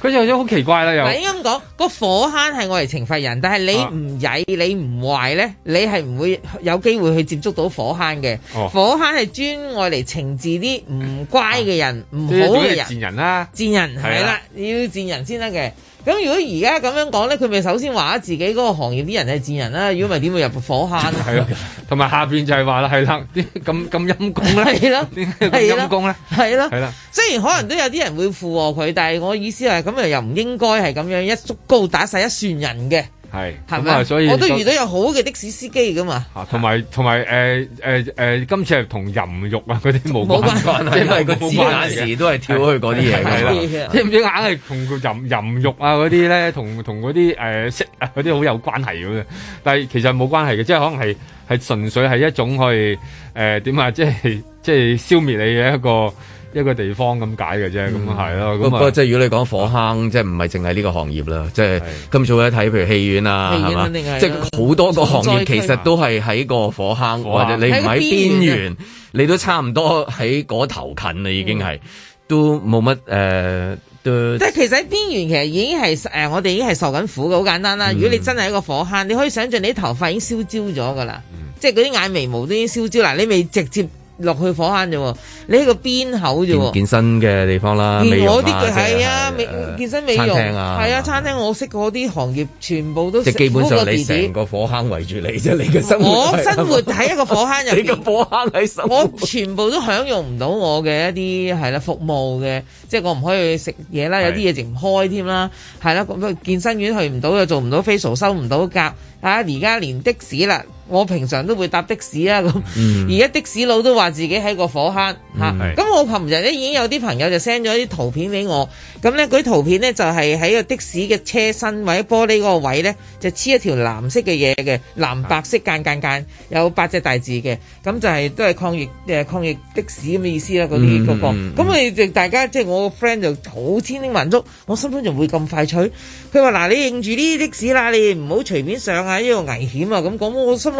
佢就咗好奇怪啦又。嗱，咁講，個火坑係愛嚟懲罰人，但係你唔曳你唔壞咧，你係唔會有機會去接觸到火坑嘅，哦。火坑係專愛嚟懲治啲唔乖嘅人，唔、啊、好嘅人。賤人啦，啊，賤人係啦，要賤人先得嘅。咁如果而家咁樣講咧，佢咪首先話自己嗰個行業啲人係賤人啦、啊，如果咪點會入火坑？係 咯，同埋下邊就係話啦，係啦，啲咁咁陰公啦，係咯，係陰公咧，係啦，係啦，雖然可能都有啲人會附和佢，但係我意思係咁又唔應該係咁樣一竹篙打晒一船人嘅。係，咁所以我都遇到有好嘅的，的士司機噶嘛。同埋同埋誒誒誒，今次係同淫欲啊嗰啲冇冇關係，即關係嗰，啊、時都係跳去嗰啲嘢，知知呃、係啦。即唔知硬係同個淫淫欲啊嗰啲咧，同同嗰啲誒色嗰啲好有關係咁嘅。但係其實冇關係嘅，即係可能係係純粹係一種去誒點、呃、啊，即係即係消滅你嘅一個一個地方咁解嘅啫，咁啊係咯，咁不過即係如果你講火坑，嗯、即係唔係淨係呢個行業啦、嗯，即係今早一睇，譬如戲院啊，院啊是是啊即係好多個行業其實都係喺個火坑，火坑，或者你唔喺邊緣，你都差唔多喺嗰頭近啦，已經係都冇乜誒，都即係、呃、其實喺邊緣，其實已經係誒、呃，我哋已經係受緊苦嘅，好簡單啦、嗯。如果你真係一個火坑，你可以想象你啲頭髮已經燒焦咗噶啦，即係嗰啲眼眉毛都已經燒焦，啦你未直接落去火坑啫喎，你喺個邊口啫喎？健身嘅地方啦、啊，美容啊，健身、係啊、美，健身美容餐廳啊，係啊係係，餐廳我識嗰啲行業全部都。即係基本上你成個火坑圍住你啫，你嘅生活係啦。我生活喺一個火坑入邊。 你個火坑喺我全部都享用唔到我嘅一啲係啦服務嘅，即 係、啊、我唔可以食嘢啦，有啲嘢食唔開添啦，係啦、啊，咁健身院去唔到又做唔到 facial，收唔到夾家而家連的士啦。我平常都會搭的士啊咁，而、嗯、家的士佬都話自己喺個火坑吓，咁、嗯啊、我琴日咧已經有啲朋友就 send 咗啲圖片俾我，咁咧嗰啲圖片咧就係喺個的士嘅車身或者玻璃嗰個位咧，就黐一條藍色嘅嘢嘅，藍白色間間間有八隻大字嘅，咁就係都係抗疫誒、呃、抗疫的士咁嘅意思啦嗰啲個個。咁、嗯、我、那個、大家即係、就是、我個 friend 就好千叮萬囑我心諗仲會咁快脆，佢話嗱你認住呢啲的士啦，你唔好隨便上下呢個危險啊咁。咁我心。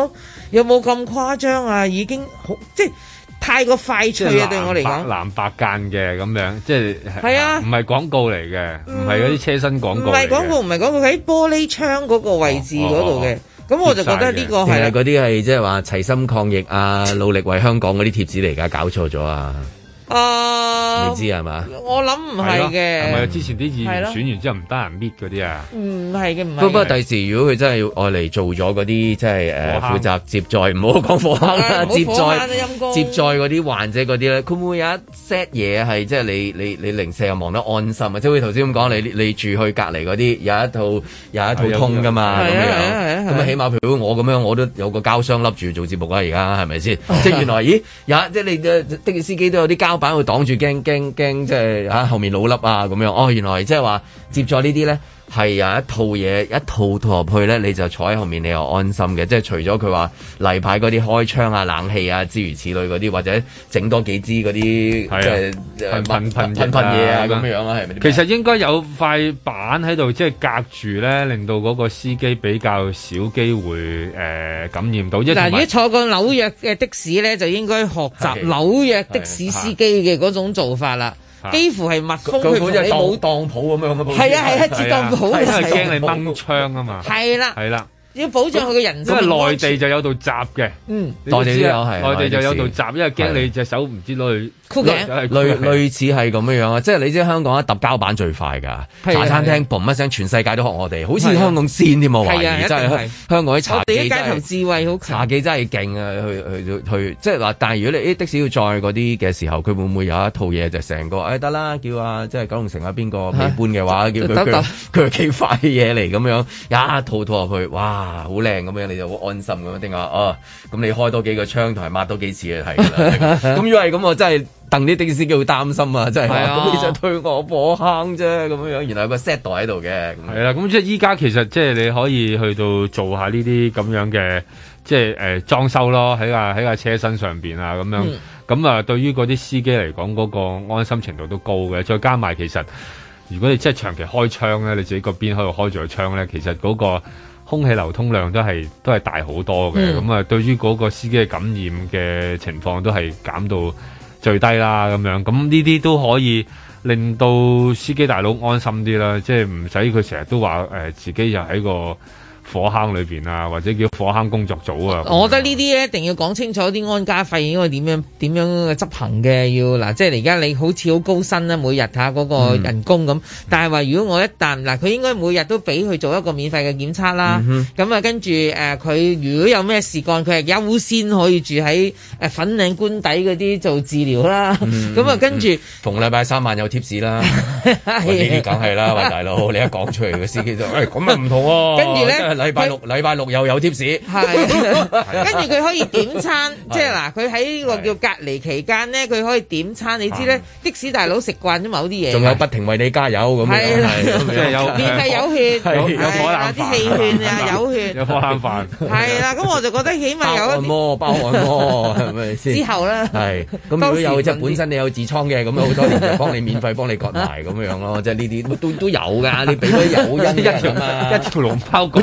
有冇咁誇張啊？已經好即係太過快脆啊！就係、對我嚟講，藍白間嘅咁樣，即係係啊，唔係廣告嚟嘅，唔係嗰啲車身廣告，唔係廣告，唔係廣告喺玻璃窗嗰個位置嗰度嘅，咁、哦哦哦、我就覺得呢個係嗰啲係即係話齊心抗疫啊，努力為香港嗰啲貼紙嚟㗎，搞錯咗啊！誒、uh，你知係嘛？我諗唔係嘅，係之前啲議員選完之後唔得人搣嗰啲啊？唔係嘅，唔係。不過第時如果佢真係要愛嚟做咗嗰啲，即係誒負責接載，唔好講火坑啦、啊，接載、啊、接載嗰啲患者嗰啲咧，佢會唔會有一 set 嘢係即係你你你，你零舍又忙得安心啊？即係好似頭先咁講，你你住去隔離嗰啲有一套有一套通㗎嘛咁樣，咁起碼譬如我咁樣，我都有個膠箱笠住做節目啦，而家係咪先？即係原來咦有即係你的士司機都有啲膠。反而會擋住驚驚驚，即係嚇後面老粒啊咁樣。哦，原來即係話接咗呢啲咧係啊，一套嘢一套套入去咧，你就坐喺後面，你又安心嘅。即係除咗佢話例牌嗰啲開窗啊、冷氣啊諸如此類嗰啲，或者整多幾支嗰啲誒噴噴噴噴嘢啊咁樣樣啦，係咪？其實應該有塊板喺度，即係隔住咧，令到嗰個司機比較少機會誒、呃、感染到。嗱，如果坐過紐約嘅的，的士咧，就應該學習紐約的士司機嘅嗰種做法啦。幾乎係密封佢，冇當鋪咁樣噶、啊啊就是啊、嘛。係啊係啊，接當鋪就驚你掹槍啊嘛。係啦，係啦，要保障佢嘅人、啊他的內的嗯的。因為內地就有度閘嘅，嗯，內地都有，內地就有度閘，因為驚你隻手唔知攞去。類類，類似係咁樣樣啊！即係你知香港一揼膠板最快㗎、啊，茶餐廳嘣、啊、一聲，全世界都學我哋，好似香港先添喎、啊啊、真係香港啲茶，茶記真係香港啲茶記真係勁啊！去去，去即係話，但係如果你的士要載嗰啲嘅時候，佢會唔會有一套嘢就成、是、個？誒得啦，叫啊，即係九龍城啊，邊個未搬嘅話，叫佢佢佢幾塊嘢嚟咁樣，一套套落去，哇，好靚咁樣，你就好安心咁樣。定話哦，咁、啊、你多開多幾個窗台，抹多幾次係啦。咁如果係咁， 我真係～等啲的士司機好擔心啊！真係，咁你、啊、就推我火坑啫咁樣，原來有個 set 喺度嘅。係啦，咁、啊、即係依家其實即係你可以去到做下呢啲咁樣嘅，即係誒裝修咯，喺啊喺架車身上邊啊咁樣。咁、嗯、啊，對於嗰啲司機嚟講，嗰、嗰個安心程度都高嘅。再加埋其實，如果你即係長期開窗咧，你自己個邊度開住個窗咧，其實嗰個空氣流通量都係都係大好多嘅。咁、嗯、啊，對於嗰個司機嘅感染嘅情況都係減到。最低啦咁樣，咁呢啲都可以令到司機大佬安心啲啦，即係唔使佢成日都話誒、呃、自己又喺個。火坑裏邊啊，或者叫火坑工作組啊，我覺得呢啲一定要講清楚啲安家費應該點樣點樣嘅執行嘅，要嗱，即係而家你好似好高薪啦，每日下嗰個人工咁、嗯，但係話如果我一旦嗱，佢、嗯、應該每日都俾佢做一個免費嘅檢測啦，咁、嗯、啊跟住誒，佢如果有咩事幹，佢係優先可以住喺誒粉嶺官邸嗰啲做治療啦，咁、嗯、啊跟住逢禮拜三晚有貼士啦，呢啲梗係啦，大佬你一講出嚟嘅司機就。喂咁啊唔同喎，跟住咧。禮拜六禮拜六又有貼士，係跟住佢可以點餐，即係嗱，佢喺呢個叫隔離期間咧，佢可以點餐。你知咧，的士大佬食慣咗某啲嘢，仲有不停為你加油咁樣，係免費有血，有有啲氣血啊，有血有啲麻煩，係啦。咁我就覺得起碼有包按摩，包按摩係咪先之後咧，係咁如果有即係本身你有痔瘡嘅，咁啊好多年就幫你免費幫你割埋咁樣咯，即係呢啲都都有㗎。你俾多有恩一咁啊，一條龍包個。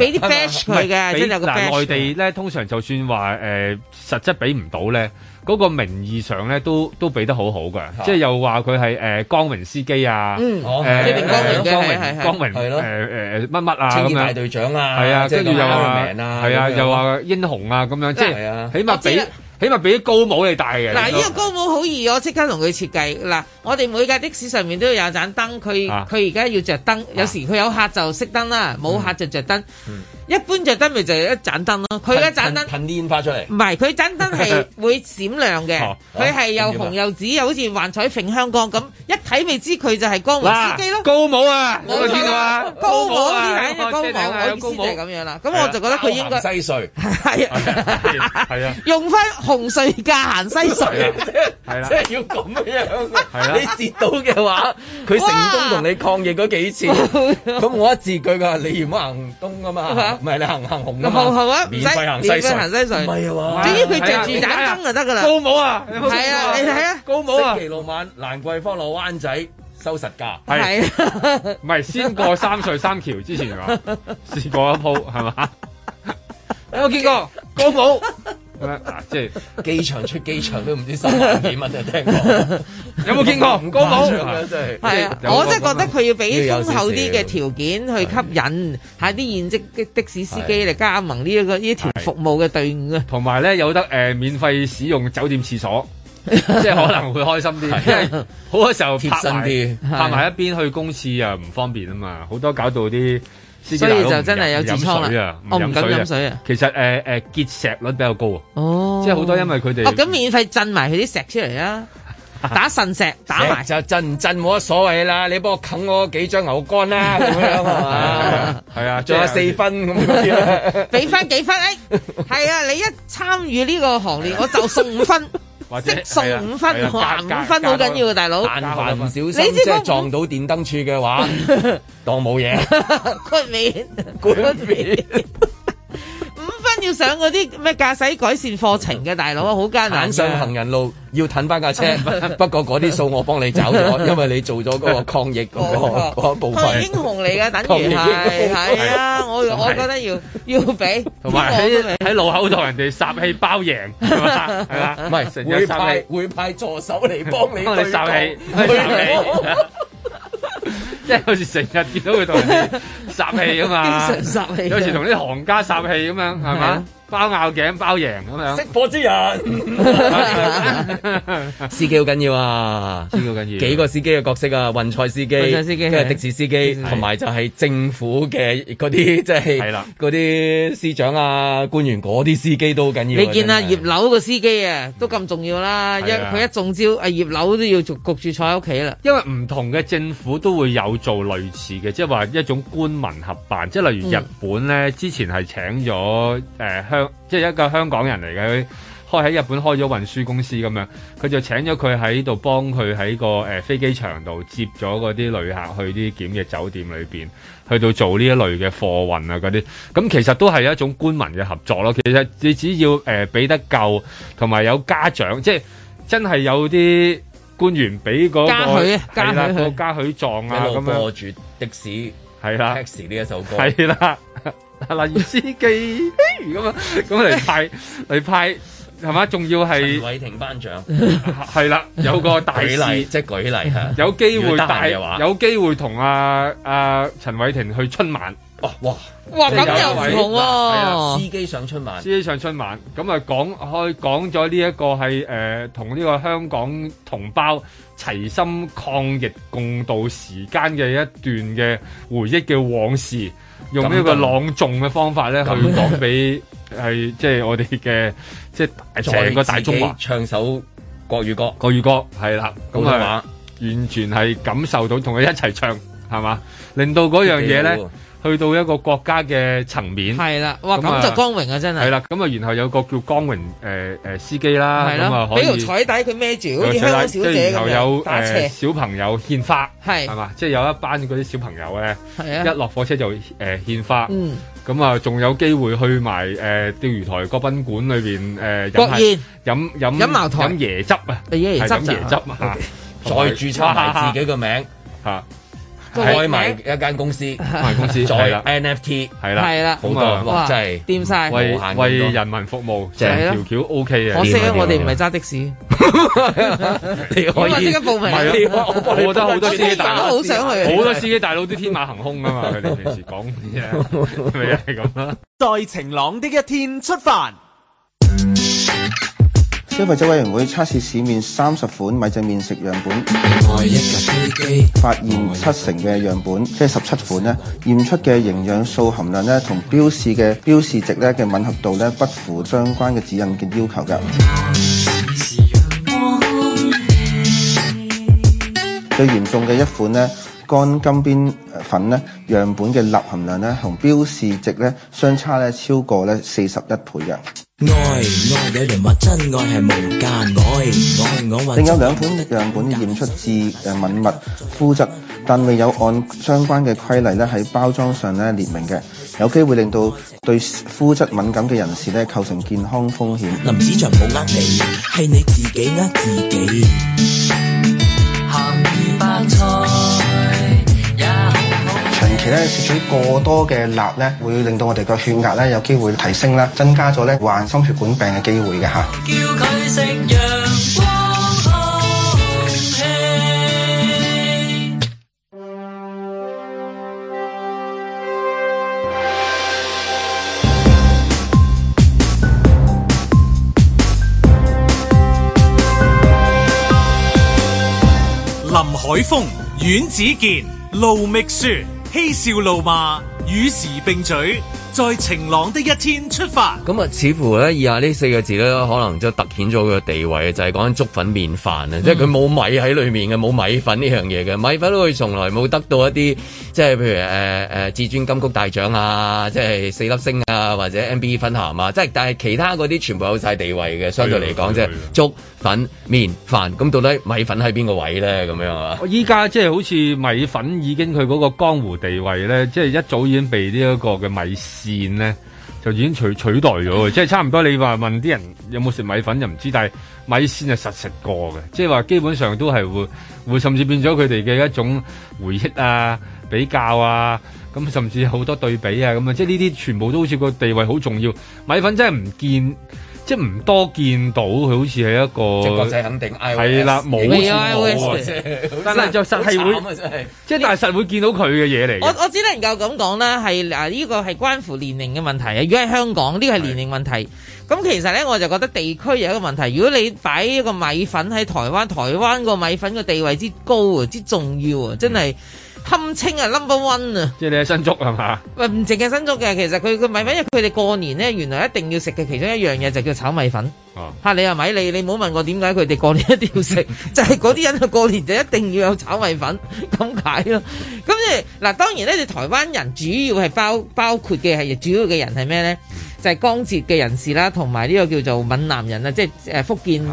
俾啲 cash 佢嘅，真係嗱，內地咧通常就算話誒實質俾唔到咧，嗰個名義上咧都都俾得好好嘅，即係又話佢係誒光榮司機啊，誒光榮嘅光榮，光榮係咯，誒誒乜乜啊，清潔大隊長啊，係啊，跟住又話平啊，係啊，又話英雄啊咁樣，即係起碼俾。起碼俾啲高帽你戴嘅，嗱、啊、呢、這個高帽好易，我即刻同佢設計。嗱、啊，我哋每架的士上面都要有盞燈，佢佢而家要着燈、啊，有時佢有客就熄燈啦，冇、啊、客就著燈。嗯嗯一般着燈咪就係一盞燈咯，佢一盞燈噴啲煙花出嚟，唔係佢盞燈係會閃亮嘅，佢 係又紅又紫， 又好似幻彩詠香江咁，一睇未知佢就係江湖司機咯。高帽啊，冇錯啊，高帽啊，啊，高帽，啊，高帽高機係咁樣啦，咁我就覺得佢應該西隧，係啊，係啊，用翻紅隧架行西隧，即係即係要咁樣。你截到嘅話，佢成功同你抗議咗幾次，咁我一截佢噶，你唔好行東噶嘛。嗯嗯嗯嗯嗯唔係你行行紅啊，紅紅啊，唔使行西水，唔係啊佢着住揀燈就得噶啦。高帽啊，係啊，啊，啊，你睇啊，高帽啊，星期六晚蘭桂坊老灣仔收實價，係唔係先過三隧三橋 之前啊，嘛，先過一鋪係嘛，有 冇是吧 見過高帽？ 即係機場出機場都唔知收幾蚊就聽過 有冇見過？唔高冇。係、 嗯、 啊，我真係覺得佢要俾豐厚啲嘅條件去吸引喺啲現職的的士司機嚟加盟呢、這個、一個呢條服務嘅隊伍啊。同埋咧有得誒、呃、免費使用酒店廁所， 即係可能會開心啲、 啊。好多時候拍，貼心啲，行埋一邊去公廁又唔方便啊嘛，好多搞到啲。所以就真係有痔瘡啦，我唔、哦、敢飲水啊。其實誒誒、呃，結石率比較高啊、哦，即係好多因為佢哋哦咁免費震埋佢啲石出嚟 樣啊，打腎石打埋就震唔震冇乜所謂啦，你幫我冚我幾張牛肝啦咁樣係嘛，係啊，仲、啊、有四分咁樣，俾 翻 幾分？哎，係啊，你一參與呢個行列我就送五分。 即送五分，還五分好緊要啊，大佬！但凡唔小心，你知即係撞到電燈柱嘅話， 當冇嘢。骨尾，骨尾。要上嗰啲咩駕駛改善課程嘅大佬啊，好艱難。行上行人路要褪返架車，不過嗰啲數我幫你找咗。因為你做咗嗰個抗疫嗰個嗰部分。英雄嚟㗎，等於係係啊！我我覺得要要俾，同埋喺喺路口度人哋殺氣包贏係嘛？唔係成日殺氣，會派助手嚟幫你殺氣，殺氣。 即係好似成日見到佢同人哋嘥氣啊嘛， 經常嘥氣， 有時同啲行家嘥氣咁樣，係咪啊？包拗頸包贏咁樣，識火之人 司機好緊要啊，司機好緊要，啊。幾個司機嘅角色啊，運菜司機、運菜司機、的士司機，同埋就係政府嘅嗰啲，即係係啦，嗰啲司長啊、官員嗰啲司機都好緊要，啊。你見啊葉劉個司機啊，都咁重要啦，啊，一佢一中招啊葉劉都要焗焗住坐喺屋企啦。因為唔同嘅政府都會有做類似嘅，即係話一種官民合辦，即係例如日本咧、嗯，之前係請咗誒香。呃即係一個香港人嚟嘅，開喺日本開咗運輸公司咁樣，佢就請咗佢喺度幫佢喺個誒、呃、飛機場度接咗嗰啲旅客去啲檢疫酒店裏邊，去到做呢一類嘅貨運啊嗰啲，咁其實都係一種官民嘅合作咯。其實你只要誒俾、呃、得夠，同埋有嘉獎，即係真係有啲官員俾嗰、嗰個係家個嘉許狀啊，咁樣坐住的士係啦 taxi 呢一首歌係啦。啊！例如司機咁啊，咁嚟派嚟派，係 嘛？仲要係陳偉霆頒獎，係 啦，有個大字 即舉例有機會大， 有，有機會同阿阿陳偉霆去春晚。哇！哇！哇！咁又唔同喎、啊！司機上春晚，司機上春晚，咁啊講開講咗呢一個係誒同呢個香港同胞齊心抗疫、共度時間嘅一段嘅回憶嘅往事，用呢個朗誦嘅方法咧去講俾係即係我哋嘅即係成個大中國唱首國語歌，國語歌係啦，咁啊完全係感受到同佢一齊唱，係嘛？令到嗰樣嘢咧。去到一個國家嘅層面係啦，哇！咁就光榮啊，真係係啦。咁啊，然後有個叫光榮誒誒司機啦，咁啊可以彩底佢孭住好似香港小姐咁樣，然後有小朋友獻花係係嘛，即係有一班嗰啲小朋友咧，一落火車就誒獻花。嗯，咁啊，仲有機會去埋誒釣魚台個賓館裏邊誒飲飲飲飲茅台、椰汁啊，椰汁椰汁啊，再注冊埋自己嘅名吓。開埋一間公司，公司再 NFT 係啦，係啦好 多，多，真係掂晒，為為人民服務，條橋 O K 啊！Okay, 可惜我識啊，我哋唔係揸的士，的可 你可以即刻我覺得好多司機大佬好、那個、想去，好、就是、多司機大佬都天馬行空啊嘛，佢 哋平時講嘢咪係咁啦。在晴朗的一天出發。消費者委員會測試市面三十款米製麵食樣本，發現七成嘅樣本，即係十七款咧，驗出嘅營養素含量咧，同標示嘅標示值咧嘅吻合度咧，不符相關嘅指引嘅要求嘅。最嚴重嘅一款呢乾金邊粉呢樣本嘅鈉含量呢同標示值咧，相差咧超過咧四十一倍嘅。另有兩款樣本驗出致誒敏物膚質，但未有按相關嘅規例咧喺包裝上咧列明嘅，有機會令到對膚質敏感嘅人士咧構成健康風險。林子祥冇呃你，係你自己呃自己。鹹魚白菜。其實咧攝取過多嘅鈉咧，會令到我哋個血壓咧有機會提升啦，增加咗咧患心血管病嘅機會嘅嚇。叫佢陽光空氣林海峰、阮子健、盧覓雪。嬉笑怒罵，與時並舉。在晴朗的一天出發。咁啊，似乎咧，以下呢四個字咧，可能就突顯咗佢個地位，就係講緊粥粉麵飯啊，嗯、即係佢冇米喺裏面嘅，冇米粉呢樣嘢嘅，米粉都佢從來冇得到一啲，即係譬如誒誒、呃、至尊金曲大獎啊，即係四粒星啊，或者 NBA 粉咸啊，即係但係其他嗰啲全部有晒地位嘅，相對嚟講啫，是的是的即係粥粉麵飯，咁到底米粉喺邊個位咧？咁樣啊？依家即係好似米粉已經佢嗰個江湖地位咧，即、就、係、是、一早已經被呢一個嘅米線咧就已經取取代咗，即係差唔多。你話問啲人有冇食米粉就唔知，但係米線係實食過嘅，即係話基本上都係會會甚至變咗佢哋嘅一種回憶啊、比較啊，咁甚至好多對比啊，咁啊，即係呢啲全部都好似個地位好重要。米粉真係唔見。即係唔多見到佢，好似係一個，即係國際肯定，係啦，冇似冇但係就實係會，即、啊、但係實會見到佢嘅嘢嚟。我我只能夠咁講啦，係嗱，呢、啊呢個係關乎年齡嘅問題啊。如果喺香港，呢、呢個係年齡問題。咁其實咧，我就覺得地區有一個問題。如果你擺一個米粉喺台灣，台灣個米粉嘅地位之高啊，之重要啊，真係。嗯堪稱啊 number one 啊，即係你喺新竹係嘛？唔淨係新竹嘅，其實佢佢米粉，因為佢哋過年咧，原來一定要食嘅其中一樣嘢就叫炒米粉。吓、oh. 啊、你又咪你，你唔好問我點解佢哋過年一定要食， 就係嗰啲人過年就一定要有炒米粉咁解咯。咁誒嗱，當然咧，你台灣人主要係包包括嘅係主要嘅人係咩咧？就係、是、江浙嘅人士啦，同埋呢個叫做閩南人啊，即係福建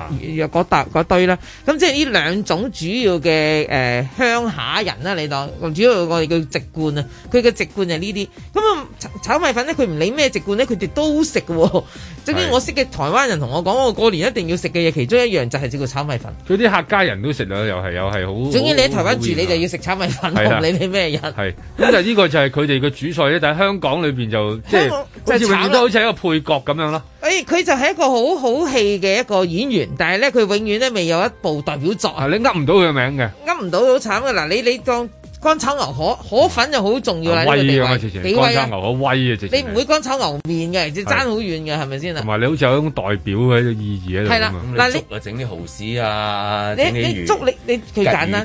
嗰嗰堆啦。咁即係呢兩種主要嘅誒、呃、鄉下人啦，你當主要我哋叫籍貫啊，佢嘅籍貫就呢啲。咁啊炒米粉咧，佢唔理咩籍貫咧，佢哋都食喎、哦。總之我識嘅台灣人同我講，我過年一定要食嘅嘢，其中一樣就係叫做炒米粉。佢啲客家人都食啦，又係又係好。總之你喺台灣住，你就要食炒米粉，唔理你咩人。係，咁就呢個就係佢哋嘅主菜咧。但係香港裏邊就即係好似永遠都好似一個配角咁樣咯。誒、就是，佢、哎、就係一個好好戲嘅一個演員，但係咧，佢永遠都未有一部代表作係你噏唔到佢嘅名嘅。噏唔到好慘嘅，嗱，你、你當。乾炒牛河，河粉就好重要啦度，威這個、地位。乾炒牛河威啊！你唔會乾炒牛麵嘅，就係爭好遠嘅，係咪先啊？同埋你好似有一種代表嘅意義喺度。係啦，嗱，你粥啊，整啲蠔豉啊，整啲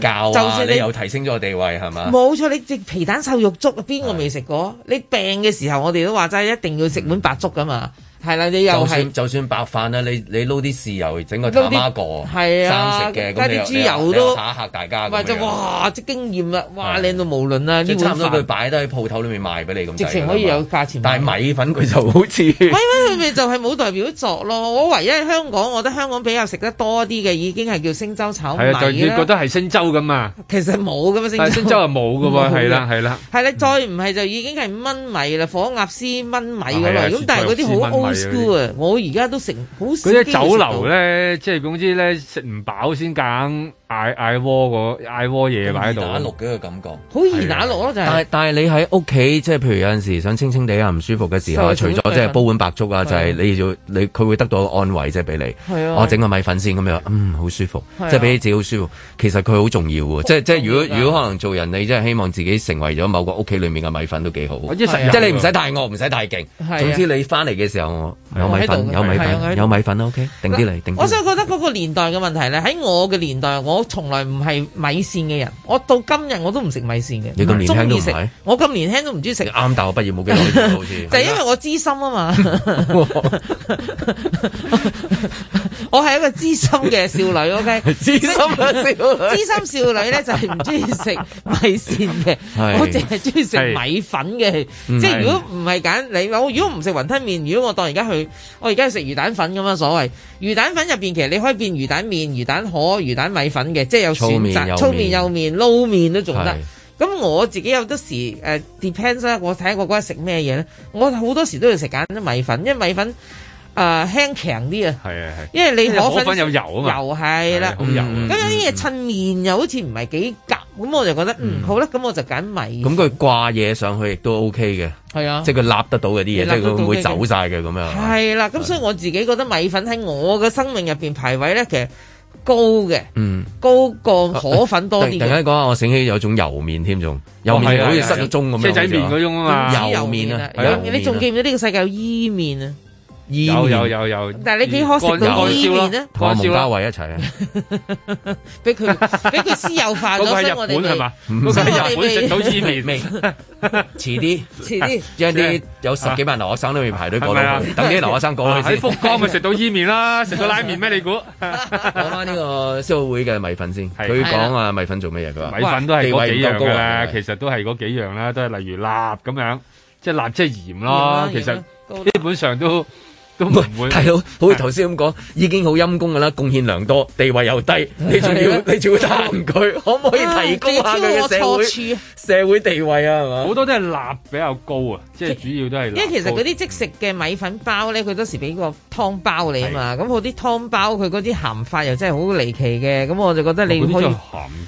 魚粥，你有提升咗個地位，係咪？冇錯，你皮蛋瘦肉粥啊，邊個未食過？你病嘅時候，我哋都話齋一定要食碗白粥噶嘛。係啦、啊，你又係就,就算白飯啦，你你撈啲豉油整個打孖個，係啊生食嘅咁，加啲豬油都打大家就哇，即係驚豔哇靚到無論啦、啊！啲碗差唔多你，佢擺得喺鋪頭裏面賣俾你咁。直情可以有價錢有。但係米粉佢就好似。粉咪咪，啊、就係冇代表作咯。我唯一喺香港，我覺得香港比較食得多啲嘅，已經係叫星洲炒米啦、啊。就你覺得係星洲咁啊。其實冇咁星洲。星洲啊冇嘅喎，係啦係啦。係、嗯、啦、啊，再唔係就已經係燜米啦，火鴨絲燜米嗰類。咁、啊啊、但係嗰啲好 school 啊！我而家都食好少。嗰啲酒樓咧，即係總之咧，食唔飽先揀。嗌嗌鍋個嗌鍋嘢擺喺度，易打六嘅感覺，好易打六咯、啊，就係、是、但係但係你喺屋企，即係譬如有陣時想清清地啊，唔舒服嘅時候，除咗即係煲碗白粥啊，就係、是、你要你佢會得到個安慰，即係俾你我整個米粉先咁樣，嗯，好舒服，即係俾你自己好舒服。其實佢好重要喎，即係即係如果如果可能做人，你真係希望自己成為咗某個屋企裏面嘅米粉都幾好，即係你唔使太餓，唔使太勁，總之你翻嚟嘅時候我有米粉、哦，有米粉，有米粉 OK 定啲嚟，定、okay？我想覺得嗰個年代嘅問題咧，喺我嘅年代，我。我從來唔係米線嘅人，我到今日我都唔食米線嘅。你咁年輕都唔中意食？我咁年輕都唔中意食。啱，但係我畢業冇幾耐，好似 就因為我資深啊嘛。 我係一個資深嘅少女，OK？資深,深,深少女，資深咧就係唔中意食米線嘅， 我淨係中意食米粉嘅。即係、就是、如果唔係揀你我，如果唔食雲吞麵，如果我當而家去，我而家去食魚蛋粉咁啊，所謂魚蛋粉入邊其實你可以變魚蛋麵、魚蛋河、魚蛋米粉。即係有選擇，粗麵幼麵，撈麵，麵，麵都仲得。咁我自己有時、uh, depends, 多時 d e p e n d s 啦。我睇我嗰日食咩嘢咧，我好多時都要食揀啲米粉，因為米粉誒、呃、輕強啲啊。係啊係。因為你河粉，粉有油啊嘛。油係啦，咁有啲嘢襯麵又好似唔係幾夾，咁我就覺得嗯，嗯好啦，咁我就揀米。咁佢掛嘢上去亦都 OK 嘅，係啊，即係佢立得到嘅啲嘢，即係佢唔會走晒嘅咁樣。係啦，咁所以我自己覺得米粉喺我嘅生命入面排位咧，其實。高嘅，嗯，高過河粉多啲、啊啊。突然間講下，我醒起有種油麵添，仲油麵好似失咗蹤咁樣，哦、車仔麵麵嗰種嘛麵啊，油麵啊，油麵啊，你仲記唔記得呢個世界有伊麵啊？有有有有，但係你幾可惜個意麵咧，同阿蒙嘉慧一齊啊，俾佢俾佢私有化咗日本係嘛，嗰 個日本食到意麵、嗯、未？遲啲遲啲，因啲有十幾萬留學生都未排隊過嚟、啊啊，等啲留學生過去先。啊、福岡咪食到意麵啦，食 到拉麵咩？你估講翻呢個消委會嘅米粉先，佢講啊米粉做咩嘢噶？是啊、米粉都係嗰幾樣是、啊、其實都係嗰幾樣啦，都係例如辣咁樣，即係辣即係鹽啦。其實基本上都。唔會，係咯，好似頭先咁講，已經好陰功㗎啦，貢獻良多，地位又低，你仲要，你仲要彈佢，可唔可以提高下佢嘅社會、啊、社會地位啊？係嘛，好多都係辣比較高啊，即係主要都係辣。因為其實嗰啲即食嘅米粉包咧，佢當時俾個湯包你啊嘛，咁嗰啲湯包佢嗰啲鹹法又真係好離奇嘅，咁我就覺得你唔可以鹹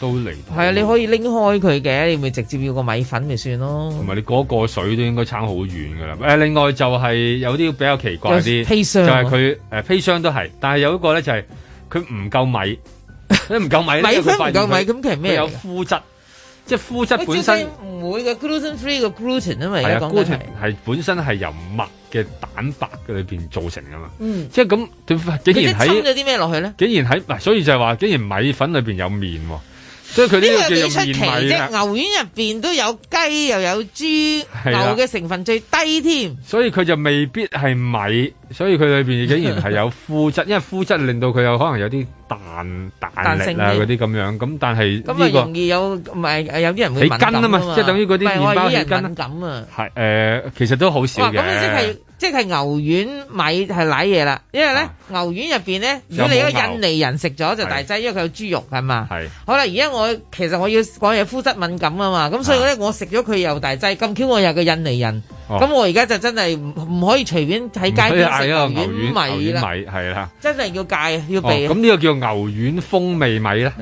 到離。係啊，你可以拎開佢嘅，你咪直接要個米粉咪算咯。同埋你嗰個水都應該差好遠㗎啦。誒，另外就係有啲比較奇怪啲。砒霜、啊、就係佢誒，砒霜都係，但係有一個咧就係佢唔夠米，佢唔夠米， 米粉唔夠米，咁其實咩？有麩質，即係麩質本身唔、欸、會嘅 gluten free 個 gluten 啊，是啊是是嘛，而家講嘅係本身係由麥嘅蛋白嘅裏邊造成噶嘛，即係咁竟然喺，咗啲咩落去呢竟然喺，所以就係話，竟然米粉裏邊有麵。所以佢呢個幾出奇啫，牛丸入邊都有雞又有豬，的牛嘅成分最低添。所以佢就未必係米，所以佢裏邊竟然係有麩質， 因為麩質令到佢有可能有啲彈彈，彈性啊嗰啲咁樣。咁但係呢、呢個咁容易有唔係有啲人會敏感啊嘛，即係等於嗰啲麪包起筋啊。係誒、呃，其實都好少嘅。即係牛丸米係瀨嘢啦，因為咧、啊、牛丸入邊咧，如果你、啊、一個印尼人食咗就大劑，因為佢有豬肉係嘛。係。好啦，而家我其實我要講嘢膚質敏感啊嘛，咁所以咧我食咗佢又大劑，咁 Q 我又係個印尼人，咁我而家就真係唔可以隨便喺街邊食。牛丸米啦，係啦，真係要戒要避、哦。咁呢個叫牛丸風味米啦，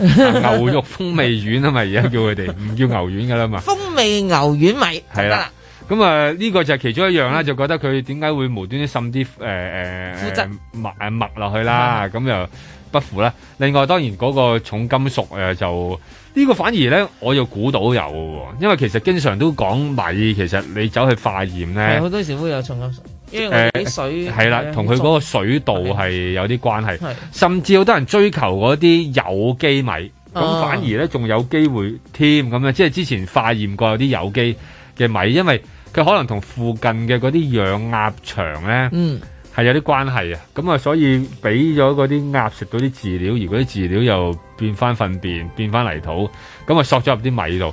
牛肉風味丸啊嘛，而家叫佢哋唔叫牛丸噶啦嘛。風味牛丸米係啦。咁、嗯、啊，呢、呢個就係其中一樣啦、嗯，就覺得佢點解會無端啲滲啲誒誒物誒墨落去啦？咁、嗯、又不符啦。另外當然嗰個重金屬就呢、呢個反而咧，我又估到有喎。因為其實經常都講米，其實你走去化驗咧，好多時會有重金屬，因為喺水係啦，同佢嗰個水道係有啲關係。甚至好多人追求嗰啲有機米，咁反而咧仲有機會添咁啊！樣即係之前化驗過有啲有機。嘅米，因為佢可能同附近嘅嗰啲養鴨場咧，係、嗯、有啲關係啊，咁啊，所以俾咗嗰啲鴨食到啲飼料，而嗰啲飼料又變翻糞便，變翻泥土，咁啊，索咗入啲米度，咁、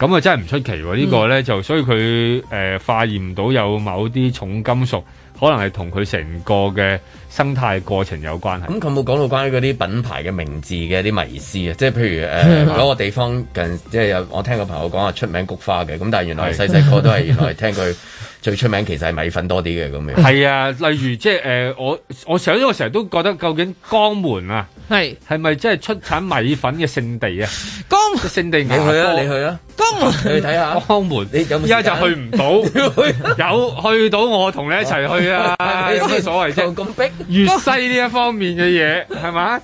這、啊、個，真係唔出奇喎，呢個咧就所以佢誒、呃、化驗唔到有某啲重金屬。可能係同佢成個嘅生態過程有關係。咁佢冇講到關於嗰啲品牌嘅名字嘅啲迷思啊？即係譬如誒嗰、呃、 個地方近，即係有我聽個朋友講話出名菊花嘅。咁但係原來細細個都係原來聽佢。 最出名其實係米粉多啲嘅咁樣。係 啊，例如即係誒，我我想，我成日都覺得究竟江門啊，係係咪即係出產米粉嘅聖地啊？江聖地 tir, 你，你去啊，你去啊，江門你去睇下。江門，依家、啊、就去唔到。去 有去到，我同你一齊去啊！ 有所謂啫？咁 粵西呢一方面嘅嘢係嘛？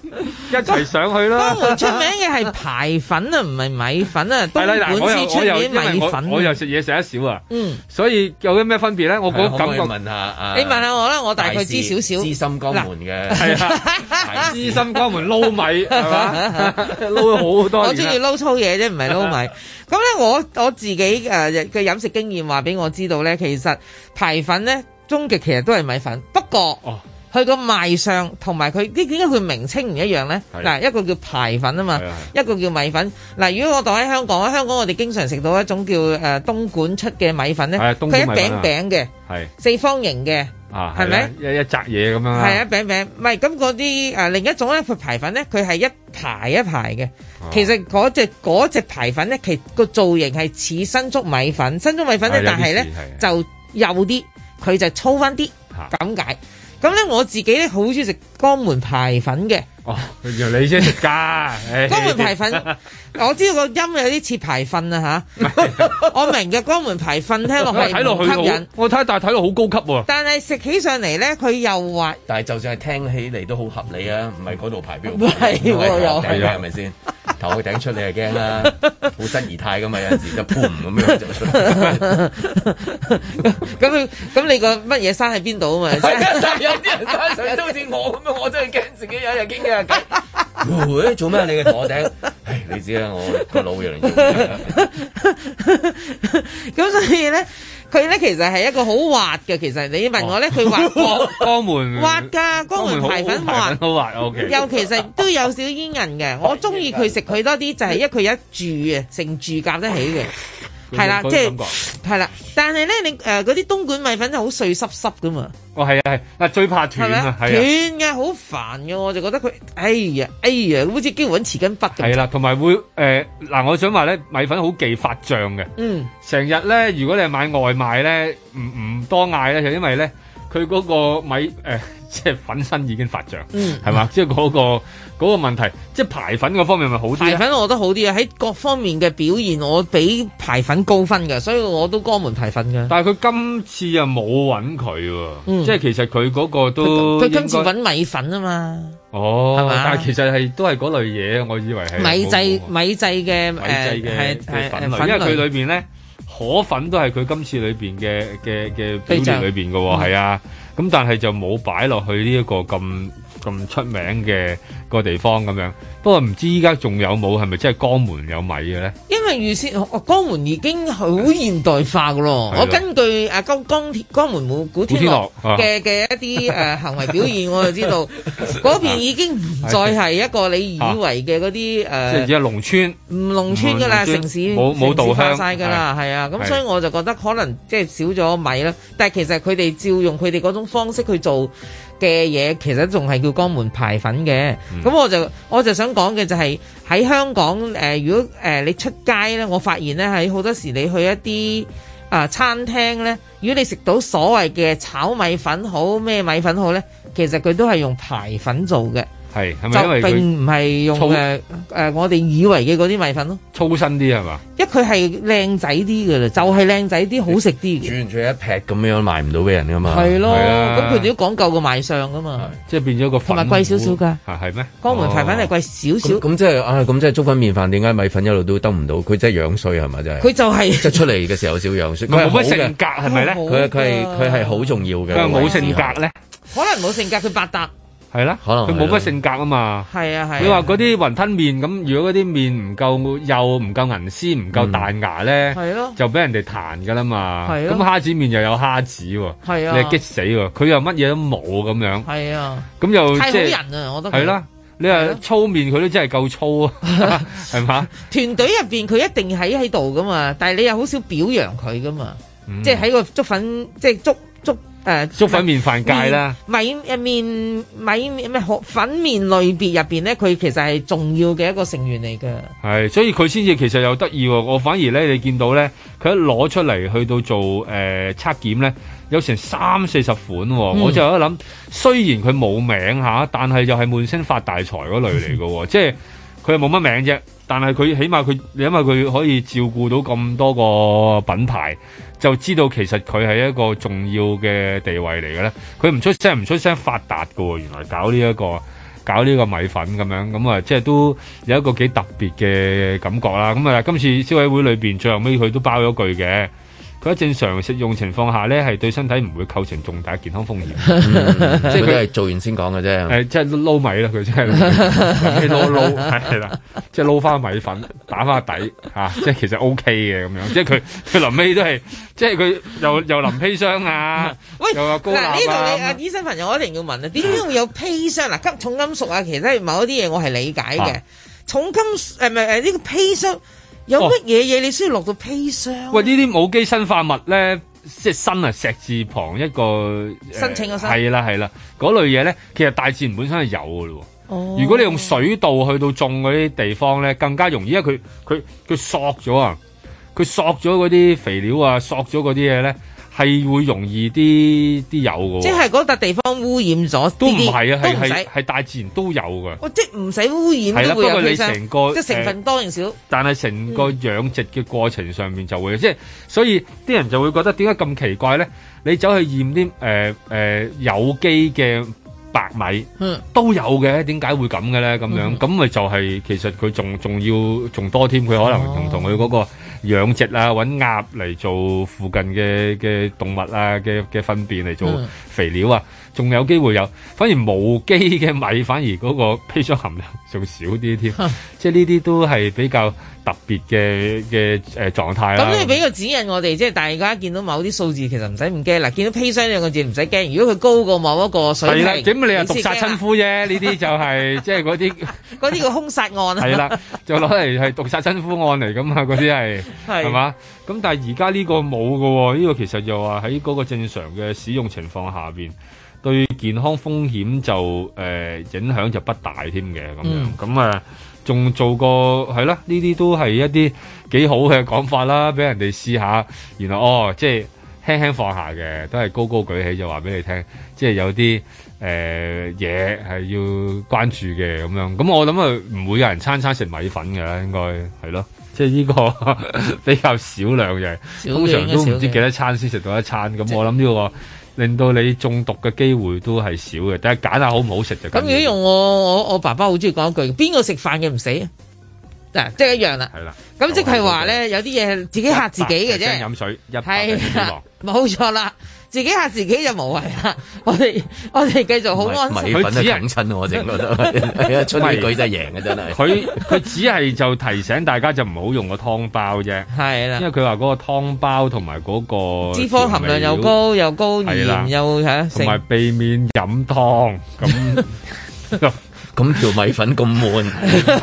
一齊上去啦。江門出名嘅係排粉啊，唔係米粉啊。東莞先出名米粉。我又食嘢食得少啊。嗯。 所以有啲。咩分別咧？我覺得感覺，問下你問下我啦、啊，我大概知少少。資深江門嘅係啊，資深江門撈米係嘛？撈咗好 多年。我中意撈粗嘢啫，唔係撈米。咁 咧，我我自己誒嘅飲食經驗話俾我知道咧，其實排粉咧，終極其實都係米粉。不過。哦佢個賣相同埋佢啲點解佢名稱唔一樣咧？嗱、啊，一個叫排粉嘛啊嘛，一個叫米粉。嗱，如果我當喺香港喺香港我哋經常食到一種叫誒東莞出嘅米粉咧，佢、啊啊、一餅餅嘅、啊，四方形嘅，係咪、啊啊、一一紮嘢咁樣係一、啊、餅餅。咪咁嗰啲誒另一種咧，佢排粉咧，佢係一排一排嘅、啊。其實嗰隻隻排粉咧，其、那個造型係似新竹米粉，新竹米粉咧、啊，但係咧、啊、就幼啲，佢就粗翻啲，咁、啊、解。咁咧我自己咧好中意食江門排粉嘅。哦，你先食噶。江門排粉， 我知道個音有啲似排粉啊嚇。 我明嘅，江門排粉聽落去吸引。去我睇，但係睇落好高級喎，啊。但係食起上嚟咧，佢又滑。但係就算係聽起嚟都好合理啊，唔係嗰度排標。唔係喎又。係咪先？ 頭我頂出你就驚啦，好失儀態噶嘛，有陣時就 boom 咁樣就出、 嗯。咁佢咁你個乜嘢山喺邊度啊嘛？有啲人打水都好似我咁樣，我真係驚自己有一日驚一驚、 哎、做咩你嘅頭我頂，你知啦，我、個腦嘅。咁、 嗯、所以咧。佢咧其實係一個好滑嘅，其實你問我咧，佢滑，滑，江、哦、門滑㗎，江門，門排粉？滑，好，好滑！又、OK、其實都有少煙韌嘅， 我中意佢食佢多啲，就係、是、因為佢一住，啊，成住夾得起嘅。係啦，即係係啦，但係咧，你誒嗰啲東莞米粉就好碎濕濕噶嘛。哦，係啊係，嗱最怕斷啊，斷嘅好煩嘅，我就覺得佢，哎呀哎呀，好似幾搵匙羹筆咁。係啦，同埋會誒嗱，我想話咧，米粉好易發脹嘅。嗯，成日咧，如果你係買外賣咧，唔唔多嗌咧，就因為咧，佢嗰個米誒。即係粉身已經發脹，係、嗯、嘛、嗯？即係嗰、那個嗰、那個問題，即係排粉嗰方面咪好啲？排粉我覺得好啲啊！喺各方面嘅表現，我俾排粉高分嘅，所以我都江門排粉嘅。但係佢今次又冇揾佢喎，即係其實佢嗰個都佢今次揾米粉啊嘛。哦，但係其實係都係嗰類嘢，我以為係米製米製嘅誒，係係、呃、粉類，因為佢裏面咧河粉都係佢今次裏邊嘅嘅嘅表現裏邊嘅喎，係啊。咁但係就冇擺落去呢一個咁。咁出名嘅個地方咁樣，不過唔知依家仲有冇，係咪真係江門有米嘅咧？因為原先江門已經好現代化噶咯，我根據啊江江江門古天古天樂嘅嘅一啲誒、呃、 行為表現，我就知道嗰邊 已經唔再係一個你以為嘅嗰啲誒，即係農村，唔農村噶啦，城市城市化晒噶啦，係啊，咁所以我就覺得可能即係少咗米啦，但係其實佢哋照用佢哋嗰種方式去做。嘅嘢其實仲係叫江門排粉嘅，咁、嗯、我就我就想講嘅就係、是、喺香港誒、呃，如果誒你出街呢，我發現呢，喺好多時你去一啲啊、呃、餐廳呢，如果你食到所謂嘅炒米粉好咩米粉好呢？其實佢都係用排粉做嘅。係，係咪因為佢並唔係用誒誒、呃、我哋以為嘅嗰啲米粉咯、啊，粗身啲係、就是嗯、嘛？因為佢係靚仔啲噶啦，就係靚仔啲，好食啲。嘅。煮完出一劈咁樣賣唔到俾人噶嘛？係咯，咁佢哋都講究個賣相噶嘛。即係變咗個粉粉，同埋貴少少噶。吓係咩？江門排粉係貴少少。咁即係啊，咁即係粥粉麵飯，點解米粉一路都得唔到？佢真係樣衰係咪？真係。佢就係、是就是、出出嚟嘅時候少樣衰，佢冇乜性格係咪咧？佢佢係佢係好是是是是重要嘅。佢冇性格咧？可能冇性格，佢百搭。係啦、啊，佢冇乜性格嘛啊,啊,啊,、嗯、啊嘛。係啊係、哦啊。你話嗰啲雲吞麵咁，如果嗰啲麵唔夠幼，唔夠銀絲，唔夠彈牙咧，係咯，就俾人哋彈噶啦嘛。係。咁蝦子麵又有蝦子，你激死喎！佢又乜嘢都冇咁樣。係啊。咁又即、就、係、是、好人啊，我都係啦、啊。你話粗麵佢都真係夠粗啊，係 嘛 ？團隊入邊佢一定喺喺度噶嘛，但係你又好少表揚佢噶嘛，即係喺個粥粉即係、就是、粥。粥誒、啊、粥粉麵飯界啦，米入面、米咩？粉麵類別入邊咧，佢其實係重要嘅一個成員嚟嘅。係，所以佢先至其實又得意喎。我反而咧，你見到咧，佢一攞出嚟去到做誒、呃、測檢咧，有成三四十款、喔嗯。我就喺度諗，雖然佢冇名下，但係就係滿身發大財嗰類嚟嘅、喔嗯。即係佢係冇乜名啫，但係佢起碼佢，因為佢可以照顧到咁多個品牌。就知道其實佢係一個重要嘅地位嚟嘅咧，佢唔出即係唔出聲發達㗎喎，原來搞呢、這、一個搞呢個米粉咁樣，咁、嗯、啊即係都有一個幾特別嘅感覺啦。咁、嗯、啊今次消委會裏面最後尾佢都包咗句嘅。佢喺正常食用情況下咧，係對身體唔會構成重大健康風險。 即他、 嗯。即係佢係做完先講嘅啫。係即係撈米啦，佢真係撈撈，係啦、啊，即係撈翻米粉打翻底嚇，即係其實 OK 嘅咁樣。即係佢佢臨尾都係，即係佢又又臨砒霜啊？喂，又有高嗱呢度你啊醫生朋友，我一定要問樣有啊，點解會有砒霜？嗱，吸重金屬啊，其他某一啲嘢我係理解嘅、啊。重金誒唔係誒呢個砒霜。有乜嘢嘢你需要落到砒霜、哦？喂，呢啲無機砷化物咧，即係砷啊，石字旁一個申請個申，係啦，係啦，嗰類嘢咧，其實大自然本身係有嘅咯。哦，如果你用水稻去到種嗰啲地方咧，更加容易，因為佢佢佢索咗啊，佢索咗嗰啲肥料啊，索咗嗰啲嘢咧。係會容易啲啲有喎，即係嗰笪地方污染咗都唔係啊，係係大自然都有㗎、哦。即係唔使污染會、啊，係啦、啊，不過你成個、呃、即成分多定少？但係成個養殖嘅過程上面就會，即、嗯、係所以啲人就會覺得點解咁奇怪咧？你走去驗啲誒誒有機嘅。白米，嗯，都有嘅，點解會咁嘅咧？咁樣咁咪就係、是、其實佢仲仲要仲多添，佢可能同同佢嗰個養殖啊，搵鴨嚟做附近嘅嘅動物啊嘅嘅糞便嚟做肥料啊。仲有機會有，反而無機嘅米反而嗰個砒霜含量仲少啲添、嗯，即係呢啲都係比較特別嘅嘅誒狀態啦。咁、嗯、你要俾個指引我哋，即係大家見到某啲數字其實唔使唔驚。嗱，見到砒霜兩個字唔使驚，如果佢高過某一個水平，咁、啊、你又、啊、毒殺親夫啫？呢 啲就係、係、 即係嗰啲啲叫兇殺案。係啦，就攞嚟係毒殺親夫案嚟咁啊！嗰啲係係嘛？咁但係而家呢個冇噶喎，呢、呢個其實就話喺嗰個正常嘅使用情況下邊。對健康風險就誒、呃、影響就不大添嘅咁樣，咁啊仲做過係啦，呢啲都係一啲幾好嘅講法啦，俾人哋試下，然後哦即係輕輕放下嘅，都係高高舉起就話俾你聽，即係有啲誒嘢係要關注嘅咁樣。咁我諗啊唔會有人餐餐食米粉㗎，應該係咯，即係呢、這個呵呵比較少量嘅，通常都唔知幾多餐先食到一餐。咁我諗呢、這個。令到你中毒嘅機會都係少嘅，但係揀下好唔好食就咁。咁如果用我我我爸爸好中意講一句：邊個食飯嘅唔死啊？嗱，即係一樣啦。係啦。咁即係話咧，有啲嘢自己嚇自己嘅啫。飲水一水，冇錯啦。自己吓自己就無謂啦，我哋我哋繼續好安心。米粉都緊襯喎，整個都，一出句真係贏嘅真係。佢佢只係就提醒大家就唔好用個湯包啫，係啦。因為佢話嗰個湯包同埋嗰個脂肪含量又高又高鹽又嚇，同埋、啊、避免飲湯咁咁條米粉咁悶，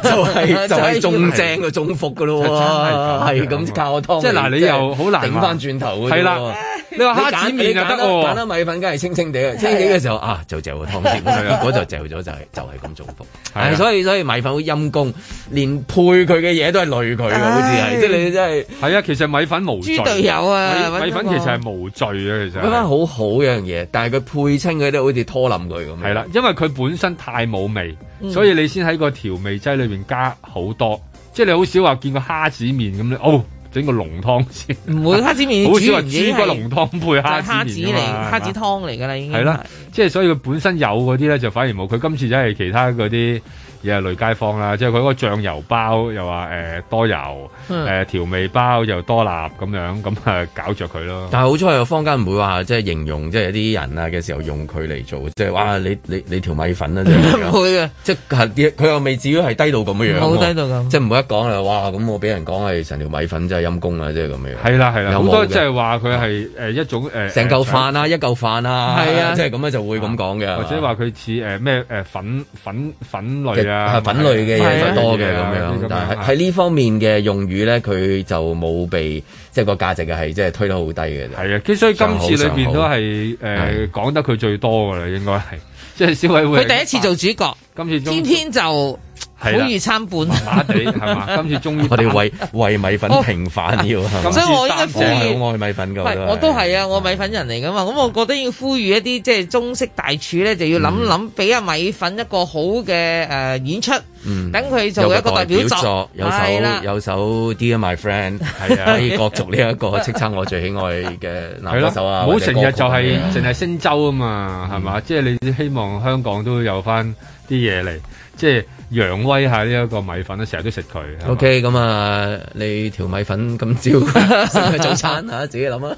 就係、是、就係、是、中正嘅中伏㗎咯喎，係、就、咁、是、靠湯。即係嗱，你又好難頂翻轉頭啦。你話蝦子麵就得喎，揀粒米粉梗係清清地清清地嘅時候啊，啊，就嚼個湯先，嗰就嚼咗就係就係咁做福、啊。所以所以米粉好陰功，連配佢嘅嘢都係累佢嘅，好似係、哎，即係你真係。係啊，其實米粉無罪。豬隊友啊米，米粉其實係無罪啊。其實。咁啊，好好一樣嘢，但係佢配清佢都好似拖冧佢咁。係啦，因為佢本身太冇味、嗯，所以你先喺個調味劑裏邊加好多，即係你好少話見個蝦子麵咁咧。哦。整個濃湯先會，唔會蝦子麵。 好似話煮個濃湯配蝦子嚟、就係，蝦子湯嚟㗎啦，已經係啦。即係所以佢本身有嗰啲咧，就反而冇。佢今次真係其他嗰啲。又係類街坊啦，即係佢嗰個醬油包又話誒、呃、多油，誒、呃、調味包又多辣咁樣，咁啊搞著佢咯。但係好彩個坊間唔會話即係形容即係有啲人啊嘅時候用佢嚟做，即係哇你你你條米粉啊，唔會嘅，即係佢 即是 又未至於係低到咁樣樣，低到咁，即係唔好一講啦，哇咁我俾人講係成條米粉真係陰公啦即係咁樣。係啦係啦，好多即係話佢係誒一種誒成嚿飯啊一嚿飯啊，係、呃、啊、啊，即係咁咧就會咁講嘅，或者話佢似誒咩誒粉粉粉類啊。係品類嘅嘢就多嘅咁、啊、樣，是啊、但係喺呢方面嘅用語咧，佢就冇被即係個價值嘅，係即係推得好低嘅啫。係啊，咁所以今次裏邊都係誒講得佢最多噶啦，應該係即係消委會是。佢第一次做主角，今、啊、次天天就。天天就好易參半，麻麻地，係嘛？今次終於我哋為為米粉平反要、哦，所以我應該呼籲。我愛米粉噶，我都係啊！我米粉人嚟噶嘛，咁我覺得要呼籲一啲即係中式大廚咧，就要諗諗，俾阿米粉一個好嘅誒演出，等、嗯、佢做一個代表作。表作有首有首 Dear My Friend 係啊，可以角逐呢一個叱咤、就是嗯，即係我最喜愛嘅嗱，男歌手啊！好成日就係淨係星洲啊嘛，係嘛？即係你希望香港都有翻啲嘢嚟，即係。揚威下呢一個米粉咧，成日都食佢。O K，咁啊，你條米粉今朝食佢早餐吓， 自己諗啊。